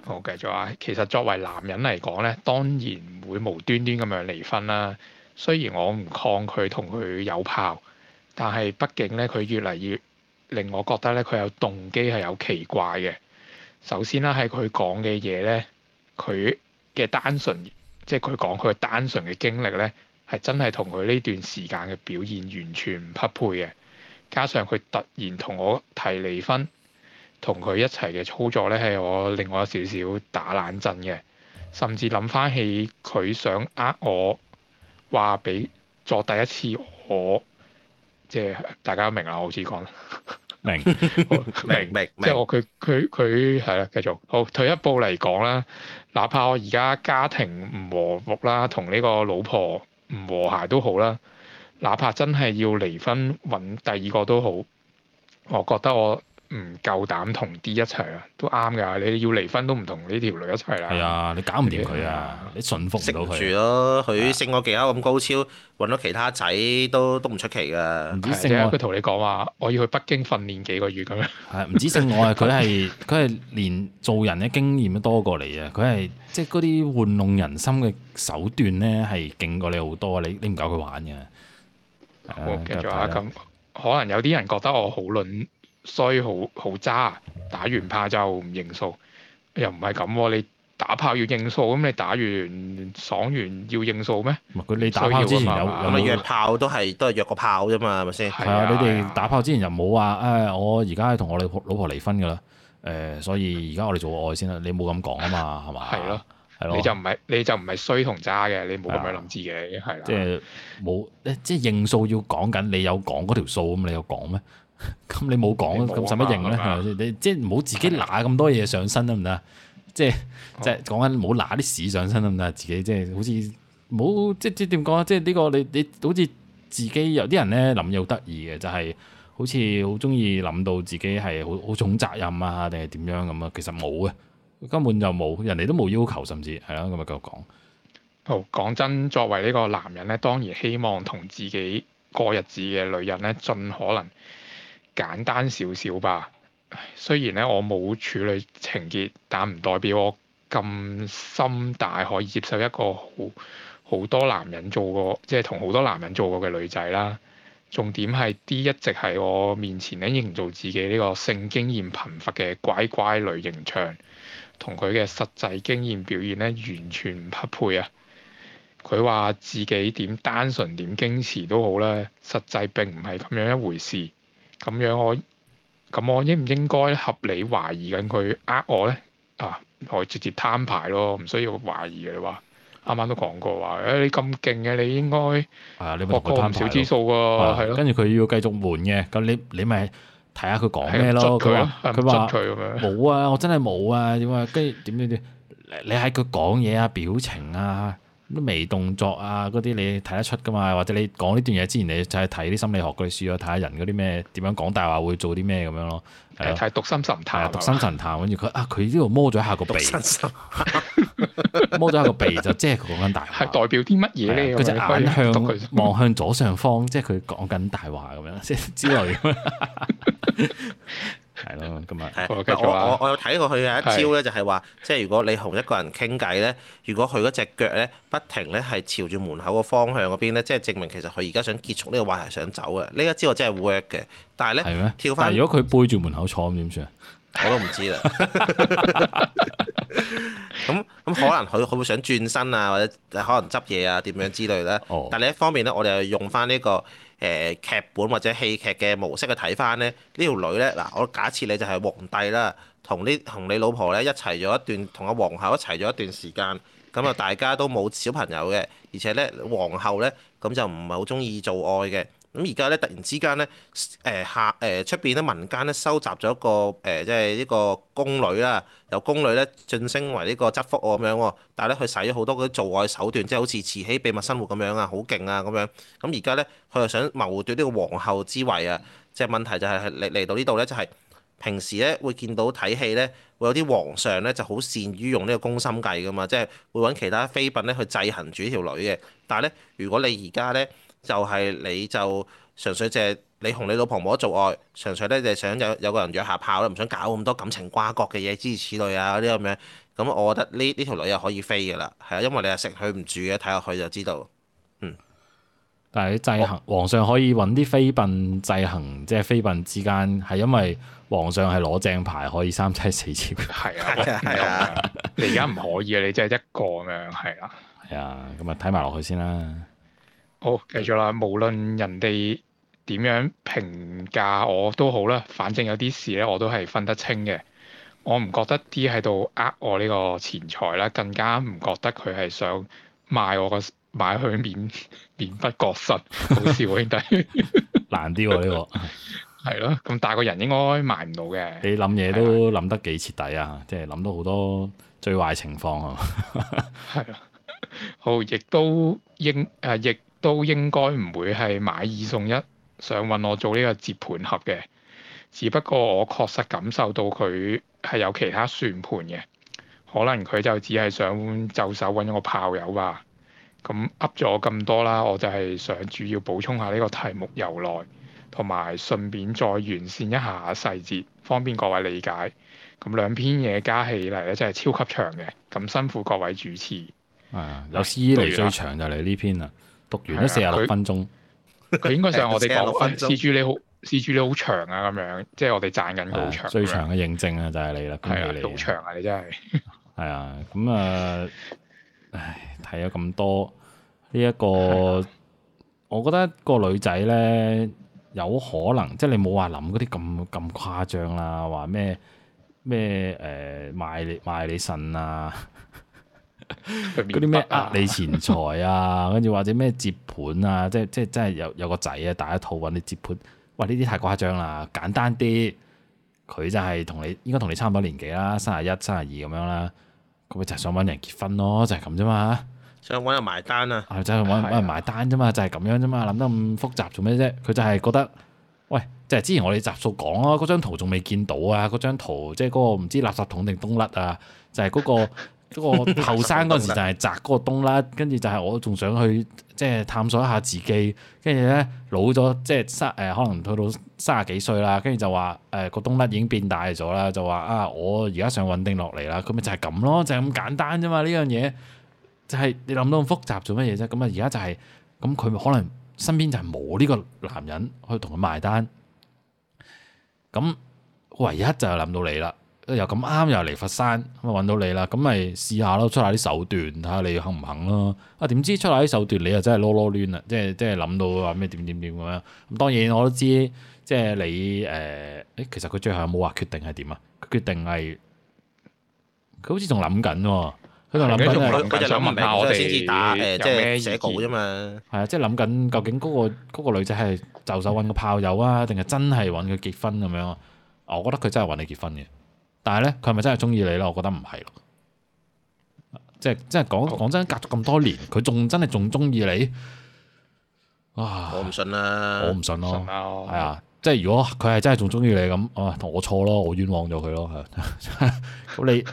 Speaker 3: 好，繼續啊！其實作為男人
Speaker 2: 嚟講咧，當然唔會無端端咁樣離婚啦。雖然我唔抗拒同佢有炮，但係畢竟咧，佢越嚟越令我覺得咧，佢有動機係有奇怪嘅。首先啦，係佢講嘅嘢咧，佢嘅單純，即係佢講佢嘅單純嘅經歷咧，係真係同佢呢段時間嘅表現完全唔匹配嘅。加上佢突然同我提離婚。同佢一齊嘅操作咧，係我令我有少少打冷震嘅，甚至諗翻起佢想呃我話俾作第一次我，我即係大家明啦，我白 好似講啦，明明明，即係我佢佢佢係啦，繼續好退一步嚟講啦，哪怕我而家家庭唔和睦啦，同呢個老婆唔和諧都好啦，哪怕真係要離婚揾第二個都好，我覺得我。唔夠膽同啲一齊啊，都啱噶。你要離婚都唔同呢條女一齊啦。係啊，你搞唔掂佢啊，你信服唔到佢。食
Speaker 3: 住咯，佢性愛技巧咁高超，揾到其他仔都都唔出奇噶。唔止性愛，佢同、啊、你講話，我要去北京訓練幾個月咁樣。唔、啊、止
Speaker 2: 性愛佢係
Speaker 1: 佢係連做人嘅經驗都多過你啊！佢係即係嗰啲玩弄人心嘅手段咧，係勁過你好多。你你唔搞佢玩嘅。
Speaker 2: 我繼續啊，咁、uh, 可能有啲人覺得我好卵。衰好好渣，打完炮就唔認數，又唔係咁喎。你打炮要認數，咁你
Speaker 3: 打完爽完要認數咩？佢，你打炮之前有約炮都係都係約個炮啫嘛，係咪先？係啊！你哋
Speaker 1: 打炮之前又冇話誒，我而家同我老婆離婚㗎啦，誒、呃，所以而家我哋做愛先啦。你冇咁講啊嘛，係嘛？係
Speaker 3: 咯、啊，係咯、啊。你
Speaker 1: 就
Speaker 2: 唔係你就唔係衰同渣嘅，你冇咁樣諗自己，係啦、啊。即係冇，即係、
Speaker 1: 就是就是、認數要講緊，你有講嗰條數咁，你有講咩？咁你冇講咁使乜認咧？你即係唔好自己拿咁多嘢上身得唔得？即係即係講緊唔好拿啲屎上身得唔得？自己即係好似冇即係即係點講啊？即係呢個你你好似自己有啲人咧諗有得意嘅，就係好似好中意諗到自己係好好重責任啊，定係點樣咁啊？其實冇啊，根本就冇人哋都冇要求，甚至係啦，
Speaker 2: 咁咪繼續講。好講真，作為呢個男人咧，當然希望同自己過日子嘅女人咧，儘可能。簡單少少吧。雖然咧我冇處女情結，但唔代表我咁心大可以接受一個好好多男人做過，即係同好多男人做過嘅女仔啦。重點係啲一直喺我面前咧營造自己呢個性經驗貧乏嘅乖乖女形象，同佢嘅實際經驗表現咧完全唔匹配啊！佢話自己點單純點矜持都好啦，實際並唔係咁樣一回事。咁樣我，咁我應唔應該合理懷疑緊佢呃我咧？啊，我直接攤牌咯，唔需要懷疑嘅，你話，啱啱都講過話，誒、哎、你咁勁嘅，你應該係啊，你咪攤牌咯。係、啊、咯，
Speaker 1: 了跟住佢要繼續換嘅，咁你你咪睇下佢講咩咯。佢話佢話冇啊，我真係冇啊，點啊？跟住點點點，你喺佢講嘢啊，表情啊。微動作啊，嗰啲你睇得出噶嘛？或者你講呢段嘢之前，你就係睇啲心理學嗰啲書咯，睇下人嗰啲咩點樣講大話會做啲咩咁樣咯。睇啊，就讀心、嗯、讀心神探，的讀心神探，跟住佢啊，佢呢度摸咗下個鼻，神神
Speaker 2: 摸咗下個鼻 就即係佢講緊大話，係代表啲乜嘢咧？佢隻眼向 望
Speaker 1: 向左上方，即係佢講緊大話咁樣，即係之
Speaker 2: 類咁
Speaker 1: 啊。
Speaker 3: 係咯，今日我我我有睇過佢嘅一招咧，就係話，即係如果你同一個人傾偈咧，如果佢嗰隻腳咧不停咧係朝住門口個方向嗰邊咧，即係證明其實佢而家想結束呢個話題想走嘅。呢一招我真係 work 嘅，但係咧，係咩？跳翻。如果佢
Speaker 1: 背住門口坐咁點算
Speaker 3: 啊？我都唔知啦。咁咁可能佢佢會想轉身啊，或者可能執嘢啊，點樣之類咧？但係另一方面咧，我哋又用翻呢個。誒、呃、劇本或者戲劇嘅模式去睇返咧，條呢條女咧嗱，我假設你就係皇帝啦，同呢同你老婆咧一齊咗一段，同阿皇后一齊咗一段時間，咁啊大家都冇小朋友嘅，而且咧皇后咧咁就唔係好鍾意做愛嘅。咁而家咧，突然之間咧，誒客誒出邊咧，呃、面民間咧收集咗一個誒、呃，即係呢個宮女啊，由宮女咧晉升為呢個側福晉咁樣喎。但係咧，佢使咗好多嗰啲做愛手段，即係好似慈禧秘密生活咁樣啊，好勁啊咁樣。咁而家咧，佢又想謀奪呢個皇后之位啊。即係問題就係係嚟嚟到呢度咧，就係平時咧會見到睇戲咧，會有啲皇上咧就好善於用呢個宮心計㗎嘛，即係會揾其他妃嬪咧去制衡住呢條女嘅。但係咧，如果你而家咧，就係你就純粹淨係你同你老婆冇得做愛，純粹咧就想有有個人約下炮啦，唔想搞咁多感情瓜葛嘅嘢諸如此類啊嗰啲咁樣。咁我覺得呢呢條女又可以飛噶啦，係啊，因為你係食佢唔住嘅，睇落去就知道。嗯。
Speaker 1: 但係你制衡我皇上可以揾啲妃嬪制衡，即係妃嬪之間係因為皇上係攞正牌可以三妻四妾的。
Speaker 2: 係啊係啊，你而家唔可以啊，你即係一個咁樣係啦。係啊，
Speaker 1: 咁啊睇埋落去先啦。
Speaker 2: 好，繼續啦。無論人哋點樣評價我都好啦，反正有啲事咧我都係分得清嘅。我唔覺得啲喺度呃我呢個錢財啦，更加唔覺得佢係想賣我個買佢免免不覺失。好笑喎，兄弟， 難啲喎呢個。係咯， 咁大個人應該賣唔到嘅。你諗
Speaker 1: 嘢都諗得幾徹底啊！即係諗到好多最壞情況啊。係 啊 ，
Speaker 2: 好，亦都應啊，亦都應該唔會係買二送一想揾我做呢個接盤俠嘅，只不過我確實感受到佢係有其他算盤嘅，可能佢就只係想就手揾咗個炮友吧。咁噏咗咁多啦，我就係想主要補充下呢個題目由來，同埋順便再完善一下細節，方便各位理解。咁、嗯、兩篇嘢加起嚟咧，真係超級長嘅，咁辛苦各位主持。係啊、
Speaker 1: 哎，有史以來最長就嚟呢篇啦。讀完咗四廿六分鐘，
Speaker 2: 應該上我哋講四 G 你好，四 G 你好長啊，咁樣即係、就是、我哋賺緊好長、啊。最長
Speaker 1: 嘅認證啊，就係你啦，恭喜你。好
Speaker 2: 長啊，你真係。
Speaker 1: 係 啊，咁、哎、啊，唉，睇咗咁多呢一個， 我覺得個女仔咧有可能，即係你冇話諗嗰啲咁咁誇張啦，話咩咩誒賣你賣你腎啊？嗰啲咩呃你錢財啊，跟住 或者咩接盤啊，即係即係真係有有個仔啊，打一套揾你接盤，喂，呢啲太誇張啦，簡單啲，佢就係同你應該同你差唔多年紀啦，三十一三十二咁樣啦，佢咪就係想揾人結婚咯，就係咁啫嘛，
Speaker 3: 想揾人埋單啊，啊就係、
Speaker 1: 是、揾、啊、人埋單啫嘛，就係、是、咁樣啫嘛，諗得咁複雜做咩啫？佢就係覺得，喂，即、就、係、是、之前我哋集數講啊，嗰張圖仲未見到啊，嗰張圖即係嗰個唔知垃圾桶定東甩啊，就係、是、嗰個。 嗰 個 後生嗰陣時就係摘嗰個冬甩啦，跟住就係我仲想去即係探索一下自己，跟住咧老咗即係三誒可能去到三十幾歲啦，跟住就話誒個冬甩已經變大咗啦，就話啊我而家想穩定落嚟啦，咁咪就係咁咯，就係、是、咁簡單啫嘛，呢樣嘢，就係、是、你諗到咁複雜做乜嘢啫？咁啊而家就係、是、咁，佢、嗯、可能身邊就係冇呢個男人去同佢埋單，咁唯一就係諗到你啦。又咁啱又嚟佛山咁啊，揾到你啦，咁咪試下咯，出下啲手段睇下你肯唔肯咯。啊，點知出下啲手段你又真係攞攞攣啦，即係即係諗到話咩點點點咁樣，怎樣。咁當然我都知，即係你誒，誒、欸、其實佢最後有冇話決定係點啊？決定係佢好似仲諗緊喎，佢仲諗緊。佢想問下我哋有
Speaker 3: 咩意見？係啊、
Speaker 1: 呃就是，即係諗緊究竟嗰、那個那個女仔係就手揾個炮友啊，定係真係揾佢結婚咁樣啊？我覺得佢真係揾你結婚嘅。但係咧，佢係咪真係中意你咧？我覺得唔係咯，即係即係講講真，隔咗咁多年，佢仲真係仲中意你
Speaker 3: 啊！我唔信啦，我唔信咯，
Speaker 1: 係啊！即係如果佢係真係仲中意你咁，啊，我錯咯，我冤枉咗佢咯。 你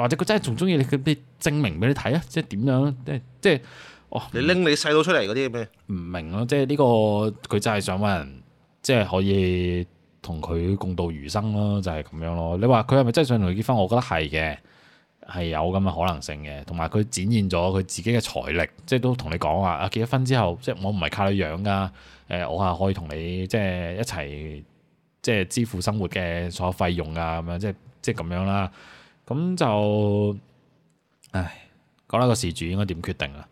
Speaker 1: 或者佢真係仲中意你，佢俾證明俾你睇啊！即係點樣？即係即係哦！你
Speaker 3: 拎你細佬出嚟嗰啲咩？唔
Speaker 1: 明咯，即係呢、這個佢真係想搵人，即係可以。同佢共度餘生咯，就係咁樣咯。你話佢係咪真係想同佢結婚？我覺得係嘅，係有咁嘅可能性嘅。同埋佢展現咗佢自己嘅財力，即係都同你講話啊。結咗婚之後，即係我唔係靠你養噶。誒，我係可以同你即係一齊，即係支付生活嘅所有費用啊咁樣，即係即係咁樣啦。咁就唉，講下個事主應該點決定啦。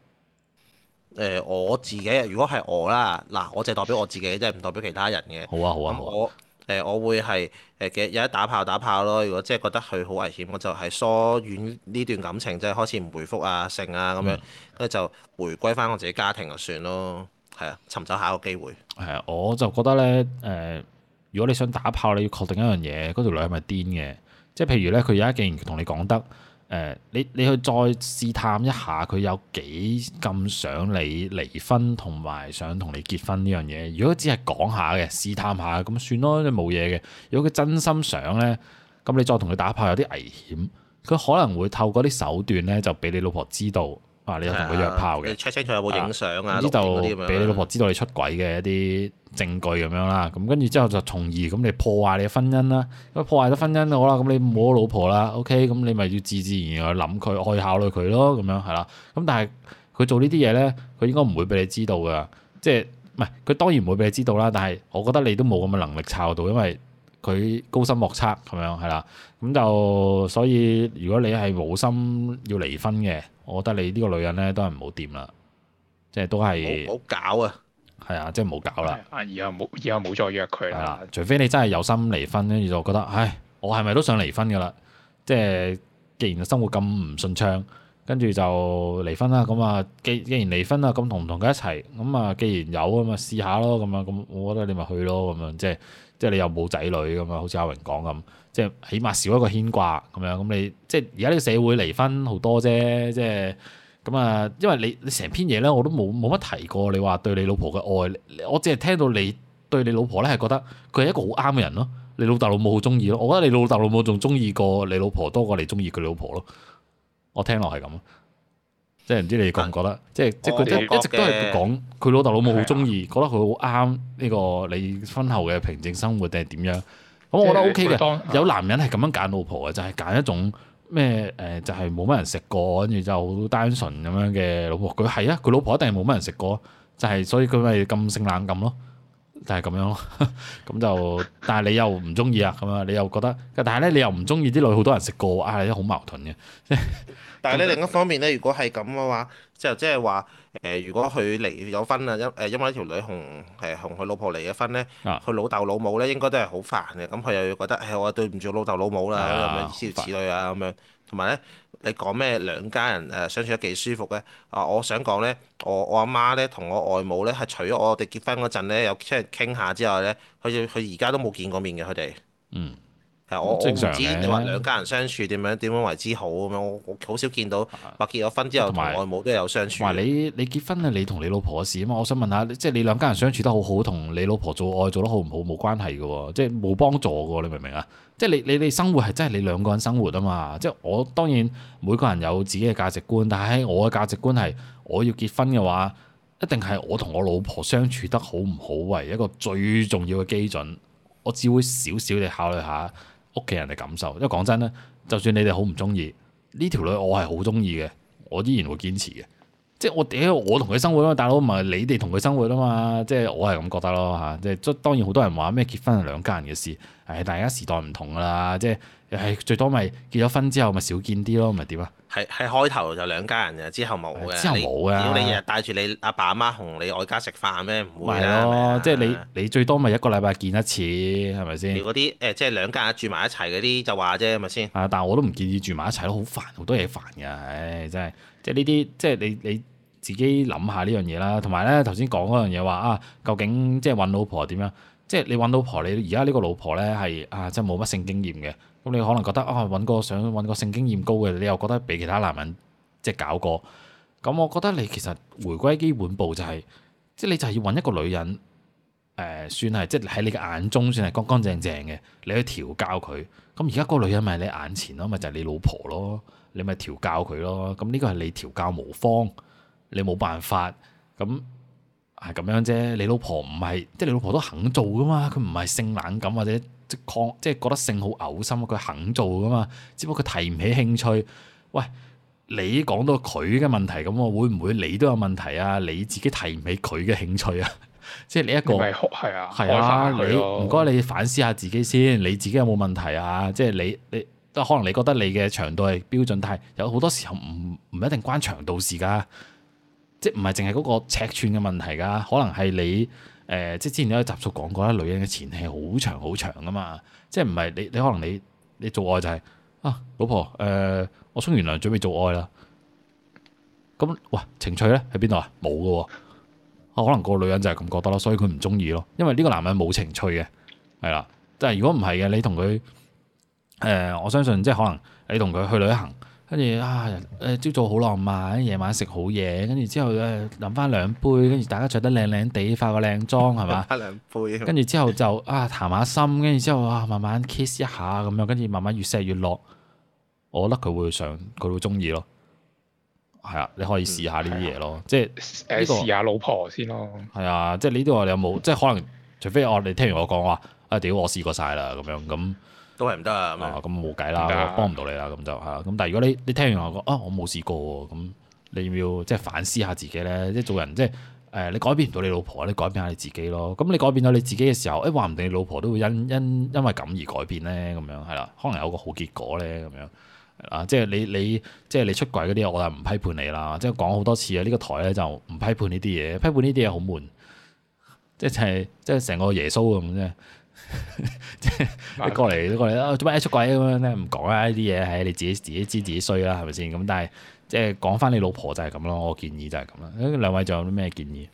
Speaker 3: 誒，我自己如果係我啦，嗱，我就代表我自己，即係唔代表其他人嘅。好啊，好啊，那好啊。誒、呃、我會係誒嘅有一打炮打炮咯，如果即係覺得佢好危險，我就係疏遠呢段感情，即係開始唔回覆啊、性啊咁樣，跟住、嗯、就回歸翻我自己家庭就算咯。係啊，尋找下個機會。
Speaker 1: 係啊，我就覺得咧誒、呃，如果你想打炮，你要確定一樣嘢，嗰條女係咪癲嘅？即係譬如咧，佢而家竟然同你講得。誒、呃，你你去再試探一下佢有幾咁想你離婚同埋想同你結婚呢樣嘢。如果只係講下嘅，試探下咁算咯，你冇嘢嘅。如果佢真心想呢，咁你再同佢打炮有啲危險。佢可能會透過啲手段呢，就俾你老婆知道。啊！你又同佢約炮嘅
Speaker 3: ，check 清楚有冇影相啊？呢度俾你老婆
Speaker 1: 知道你出軌嘅一啲證據咁樣啦。咁跟住之後就從而咁、嗯、你破壞你嘅婚姻啦。咁、嗯、破壞咗婚姻好啦，咁、嗯、你冇咗老婆啦。OK，咁、嗯、你咪要自自然然去諗佢，可以考慮佢咯。咁樣係啦。咁、嗯、但係佢做呢啲嘢咧，佢應該唔會俾你知道噶。即係唔係？佢、嗯、當然唔會俾你知道啦。但係我覺得你都冇咁嘅能力抄到，因為。佢高深莫測咁樣係啦，咁就所以如果你係冇心要離婚嘅，我覺得你呢個女人呢都係唔好掂啦，即係都係唔好搞啊，係啊，即係唔好搞啦，
Speaker 2: 以後冇以後冇再約佢啦，係啊，除
Speaker 1: 非你真係有心離婚，跟住就覺得，唉，我係咪都想離婚㗎啦？即係既然生活咁唔順暢。跟住就離婚啦，咁啊，既既然離婚啦，咁同唔同佢一齊？咁啊，既然有啊，咪，試下咯，咁樣咁，我覺得你咪去咯，咁樣即係即係你又冇仔女咁啊，好似阿榮講咁，即係起碼少一個牽掛咁樣。咁你即係而家呢個社會離婚好多啫，即係咁啊，因為你你成篇嘢咧我都冇冇乜提過你話對你老婆嘅愛，我只係聽到你對你老婆咧係覺得佢係一個好啱嘅人咯，你老豆老母好中意咯，我覺得你老豆老母仲中意過你老婆多過你中意佢老婆咯。我聽落係咁，即係唔知你哋覺唔覺得， 即係即係佢一直都係講佢老豆老母好中意，的覺得佢好啱呢個你婚後嘅平靜生活定係點樣？咁 我覺得 O K 嘅， 當有男人係咁樣揀老婆嘅，就係、是、揀一種咩誒、呃，就係冇乜人食過，跟住就好單純咁樣嘅老婆。佢係啊，佢老婆一定係冇乜人食過，就係、是、所以佢咪咁性冷感咯，但係咁樣咯。咁 就但係你又唔中意啊？咁樣 你又覺得，但係咧你又唔中意啲女好多人食過啊？啲好矛盾嘅。
Speaker 3: 但係咧、嗯、另一方面咧，如果係咁嘅話，即係即係話誒，如果佢離咗婚啊、呃，因誒因為條女同誒同佢老婆離咗婚咧，佢老豆老母咧應該都係好煩嘅。咁佢又要覺得係、哎、我對唔住老豆老母啦，咁樣諸如此類啊，咁樣。同埋咧，你講咩兩家人誒相處得幾舒服嘅？啊、呃，我想講咧，我我阿媽咧同我外母咧係除咗我哋結婚嗰陣咧有出嚟傾下之外咧，佢佢而家都冇見過面嘅佢哋。嗯。係我我唔知你話兩家人相處點樣點樣為之好咁樣，我好少見到或結咗婚之後同埋外母都有相處有。同埋
Speaker 1: 你你結婚係你同你老婆嘅事啊嘛，我想問下，即係你兩家人相處得好好，同你老婆做愛做得好唔好冇關係嘅，即係冇幫助嘅，你明唔明啊？即係你你你生活係真係你兩個人生活啊嘛，即係我當然每個人有自己嘅價值觀，但係我嘅價值觀係我要結婚嘅話，一定係我同我老婆相處得好唔好為一個最重要嘅基準，我只會少少地考慮下。屋企人嘅感受，因為講真咧，就算你哋好唔中意呢條女，我係好中意嘅，我依然會堅持嘅。即係我屌我同佢生活啊嘛，大佬唔係你哋同佢生活啊嘛，即係我係咁覺得咯嚇，即係當然好多人話咩結婚係兩家人嘅事，誒、哎、但而家時代唔同啦，即係係、哎、最多咪結咗婚之後咪少見啲咯，咪點啊？
Speaker 3: 係係開頭就兩家人嘅，之後冇嘅、哎，之後冇嘅。屌你，你日日帶住你阿爸阿媽同你外家食飯咩？唔會係咯，
Speaker 1: 啊、即係你你最多咪一個禮拜見一次係咪先？嗰
Speaker 3: 啲誒即係兩家人住埋一齊嗰啲就話啫，係咪先？
Speaker 1: 但係我都唔建議住埋一齊咯，好煩，好多嘢煩
Speaker 3: 㗎，唉真係。即係呢啲，
Speaker 1: 即係你你自己諗下呢樣嘢啦。同埋咧，頭先講嗰樣嘢話啊，究竟即係揾老婆點樣？即係你揾老婆，你而家呢個老婆咧係啊，即係冇乜性經驗嘅。咁你可能覺得啊，揾個想揾個性經驗高嘅，你又覺得俾其他男人即係搞過。咁我覺得你其實回歸基本步就係、是，即係你就係要揾一個女人，誒、呃、算係即係喺你嘅眼中算係乾乾淨淨嘅，你去調教佢。咁而家嗰個女人咪你眼前咯，咪就係、是、你老婆咯。你咪調教佢咯，咁呢個係你調教無方，你冇辦法，咁係咁樣啫。你老婆唔係，即係你老婆都肯做噶嘛，佢唔係性冷感或者即係抗，即係覺得性好嘔心，佢肯做噶嘛。只不過佢提唔起興趣。喂，你講到佢嘅問題，咁我會唔會你都有問題啊？你自己提唔起佢嘅興趣啊？ 即
Speaker 2: 係你一個，係啊，係啊，你唔該
Speaker 1: 你反思下自己先，你自己有冇問題啊？即係你你。你可能你覺得你嘅長度係標準，但係有好多時候唔唔一定關長度事噶，即係唔係淨係嗰個尺寸嘅問題噶，可能係你誒、呃，即係之前都有一集所講過啦，女人嘅前戲好長好長噶嘛，即係唔係你你可能你你做愛就係、是、啊，老婆誒、呃，我沖完涼準備做愛啦，咁哇、呃、情趣咧喺邊度啊？冇噶，啊、哦、可能個女人就係咁覺得咯，所以佢唔中意咯，因為呢個男人冇情趣嘅，係啦。即係如果唔係嘅，你同佢。誒、呃，我相信即係可能你同佢去旅行，跟住啊誒，朝、呃、早好浪漫，夜晚食好嘢，跟住之後誒，飲、呃、翻 兩杯，跟住大家着得靚靚地，化個靚妝，係嘛？飲翻
Speaker 3: 兩杯。跟住之後
Speaker 1: 就啊，談下心，跟住之後啊，慢慢 kiss 一下咁樣，跟住慢慢越錫越落。我覺得佢會想，佢會中意咯。係啊，你可以試下呢啲嘢咯，嗯、即係誒試下
Speaker 2: 老婆先咯。
Speaker 1: 係啊，即係呢啲話你有冇？即係可能除非我你聽完我講話，啊屌我試過晒啦咁樣咁。
Speaker 2: 都係唔得啊，咁
Speaker 1: 冇計啦，幫唔到你啦咁、啊、就嚇。咁但係如果你你聽完我講，啊我冇試過喎，咁你要即係反思下自己咧。即係做人，即係誒、呃、你改變唔到你老婆，你改變下你自己咯。咁你改變咗你自己嘅時候，誒話唔定你老婆都會因因因，因為咁而改變咧，咁樣係啦，可能有個好結果咧，咁樣啊。即係你你即係你出軌嗰啲，我係唔批判你啦。即係講好多次啊，呢、呢個台咧就唔批判呢啲嘢，批判呢啲嘢好悶，即係即係成個耶穌咁啫。即係 過嚟來 都過嚟啦，做、啊、乜出鬼咁樣咧、啊？唔講啦，呢啲嘢係你自己自己知自己衰啦，係咪先？咁但係即係講翻你老婆就係咁咯，我建議就係咁啦。誒，兩位仲有啲咩建議？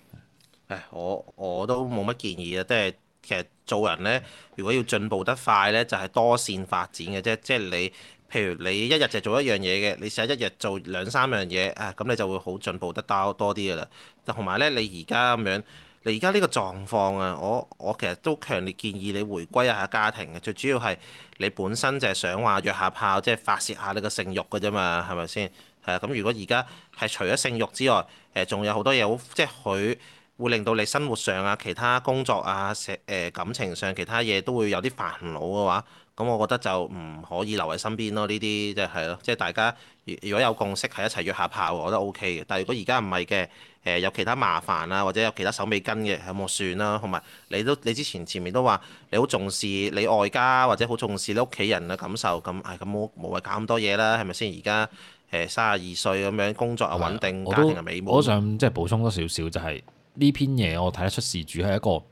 Speaker 3: 我我都冇乜建議嘅，即、就、係、是、其實做人咧，如果要進步得快咧，就係、是、多線發展嘅啫。即、就、係、是、你，譬如你一日就做一樣嘢嘅，你試下一日做兩三樣嘢啊，咁你就會好進步得多多啲噶啦。同埋咧，你而家咁樣。你而家呢個狀況啊，我我其實都強烈建議你回歸一下家庭嘅，最主要係你本身就係想話約下炮，即係發泄下你個性慾嘅啫嘛，係咪先？係啊，咁如果而家係除咗性慾之外，誒仲有好多嘢好，即係佢會令到你生活上啊、其他工作啊、社誒感情上其他嘢都會有啲煩惱嘅話。咁我覺得就唔可以留喺身邊咯，呢啲即係咯，即係大家如果有共識，係一齊約下炮，我覺得 O K 嘅。但係如果而家唔係嘅，誒有其他麻煩啊，或者有其他手尾跟嘅，我有冇算啦？同埋你都你之前前面都話你好重視你外家或者好重視你屋企人嘅感受，咁係咁冇冇謂搞咁多嘢啦？係咪先？而家誒卅二歲咁樣，工作又穩定，的家庭又美滿。我都我想
Speaker 1: 即係補充多少少就係呢篇嘢，我睇得出事主係一個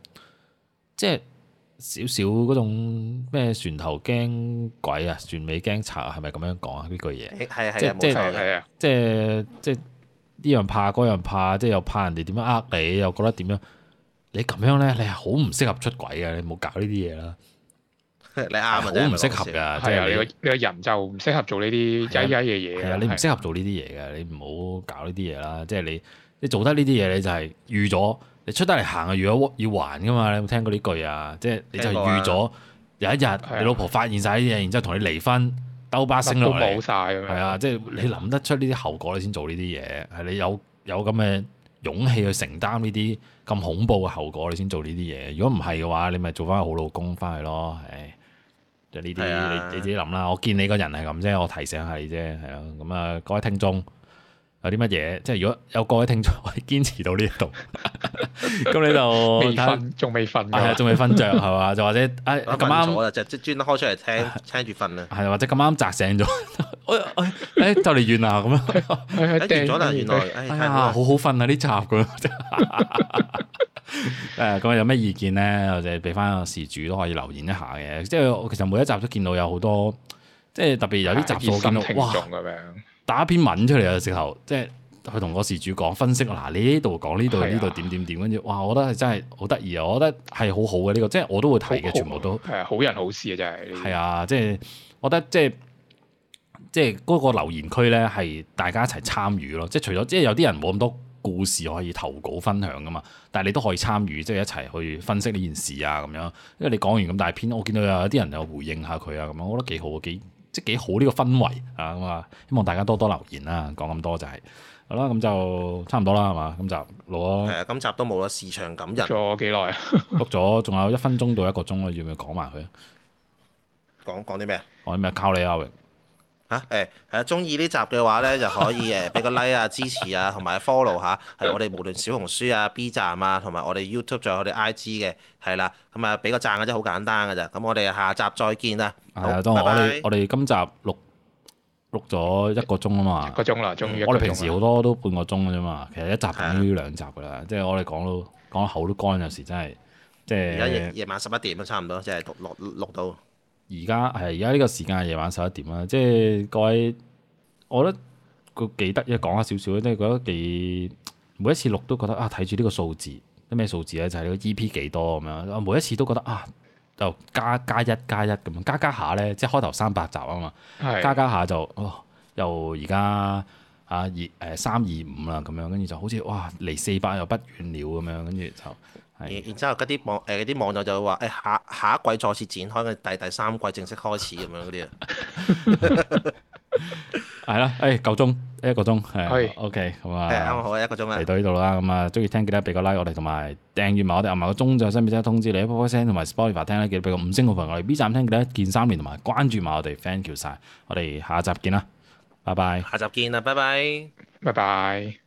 Speaker 1: 即係。少少嗰種咩船頭驚鬼啊，船尾驚賊啊，係咪咁樣講啊？呢句嘢係係啊，冇錯，即係即係呢樣怕嗰樣怕，即係又怕人哋點樣呃你，又覺得點樣？你咁樣咧，你係好唔適合出軌嘅，你唔好搞呢啲嘢啦。
Speaker 3: 你啱，好唔適合㗎。係啊，你
Speaker 2: 個人就唔適合做呢啲曳曳嘅嘢。你唔適合
Speaker 1: 做呢啲嘢嘅，你唔好搞呢啲嘢啦。即係你你做得呢啲嘢，你就係預咗。你出得嚟行啊！如果要還㗎嘛，你有冇聽過呢句啊？即係你就預咗有一日你老婆發現晒呢啲嘢，的然之後同你離婚，兜巴星落嚟。都冇晒。咁係啊，即係你諗得出呢啲後果你，你先做呢啲嘢。係你有有咁嘅勇氣去承擔呢啲咁恐怖嘅後果，你先做呢啲嘢。如果唔係嘅話，你咪做翻好老公翻去咯。誒，即係呢啲你你自己諗啦。是的 我見你個人係咁啫，我提醒下你啫。係啊，咁啊，各位聽眾。有啲乜嘢？即係如果有各位聽眾可以堅持到呢一度，
Speaker 2: 咁你就
Speaker 3: 未瞓，仲未瞓，仲未瞓着，係
Speaker 1: 嘛？就或者啊咁啱我啦，
Speaker 3: 就即專開出嚟聽聽住瞓啊。係
Speaker 1: 或者咁啱砸醒咗，就嚟完啦咁樣，
Speaker 3: 定咗啦，原來哎啊，好好瞓
Speaker 1: 啊呢集咁嘅。誒咁有咩意見咧？或者俾翻個事主都可以留言一下嘅。即係其實每一集都見到有好多，即係特別有啲集數見到哇咁樣。打一篇文出嚟啊！有時候，即係佢同個事主講分析，嗱呢度講呢度呢度點點點，跟住哇！我覺得係真係好得意啊！我覺得係好好嘅呢個，即係我都會睇嘅，好好全部都
Speaker 2: 係啊！好人好事啊，真係
Speaker 1: 係啊！即係我覺得即係即係嗰個留言區咧，係大家一齊參與咯。即係除咗即係有啲人冇咁多故事可以投稿分享噶嘛，但係你都可以參與，即係一齊去分析呢件事啊咁樣。因為你講完咁大篇，我見到有啲人有回應下佢啊咁樣，我覺得幾好啊。即幾好呢個氛圍啊咁啊，希望大家多多留言啦，講咁多就係、是、好啦，咁就差唔多啦，係嘛？咁就落啊。
Speaker 3: 今集，今集都冇啦，時長感人。仲 有幾耐
Speaker 1: 啊？錄咗仲有一分鐘到一個鐘啦，要唔要講埋佢啊？
Speaker 3: 講講啲咩啊？講啲咩？靠你啊！榮。啊，誒、哎、啊，中意呢集嘅話咧，就可以誒俾個 like 啊， 支持啊，同埋 follow 下。係 我哋無論小紅書啊、B 站啊，同埋我哋 YouTube 仲有我哋 IG 嘅，係啦，咁啊俾個讚嘅啫，好簡單嘅咋，咁我哋下集再見啦，好，當然拜拜。我
Speaker 1: 哋今集錄錄咗一個鐘啊嘛，一
Speaker 3: 個鐘啦、嗯，終於、嗯，我哋平時
Speaker 1: 好多都半個鐘嘅啫嘛，其實一集等於要兩集噶啦，的即係我哋講到講到口都乾，有時真係，即係而家
Speaker 3: 夜晚十一點都差唔多，即係錄錄錄到。
Speaker 1: 而家係而家呢個時間係夜晚十一點啦，即係各位，我覺得個幾得意講下少少，即係覺得幾每一次錄都覺得啊，睇住呢個數字，啲咩數字咧？就係呢個 EP 幾多咁樣，每一次都覺得啊，就加加一加一咁樣，加加下咧，即係開頭三百集啊嘛，加加下就哦，又而家啊二誒三二五啦咁樣，跟住就好似哇離四百又不遠了咁樣，跟住就。
Speaker 3: 然之後，嗰啲網誒啲網友就會話：下、哎、下一季再次展開，跟住第第三季正式開始咁樣嗰啲啊。
Speaker 1: 係啦，誒夠鐘，一個鐘，係、哎、OK，好啊，啱、哎、
Speaker 3: 好、啊、一個鐘啊。嚟
Speaker 1: 到呢度啦，咁啊，中意聽記得俾個 like 我哋，同埋訂閱埋我哋，撳埋個鐘，就身邊先通知你一聲，同埋 Spotify 聽咧，記得俾個五星好評我哋，B 站聽，記得一鍵三連同埋關注埋我哋 thank you
Speaker 2: 晒，我哋下集見啦，拜拜。
Speaker 3: 下集見啦，拜拜，拜拜。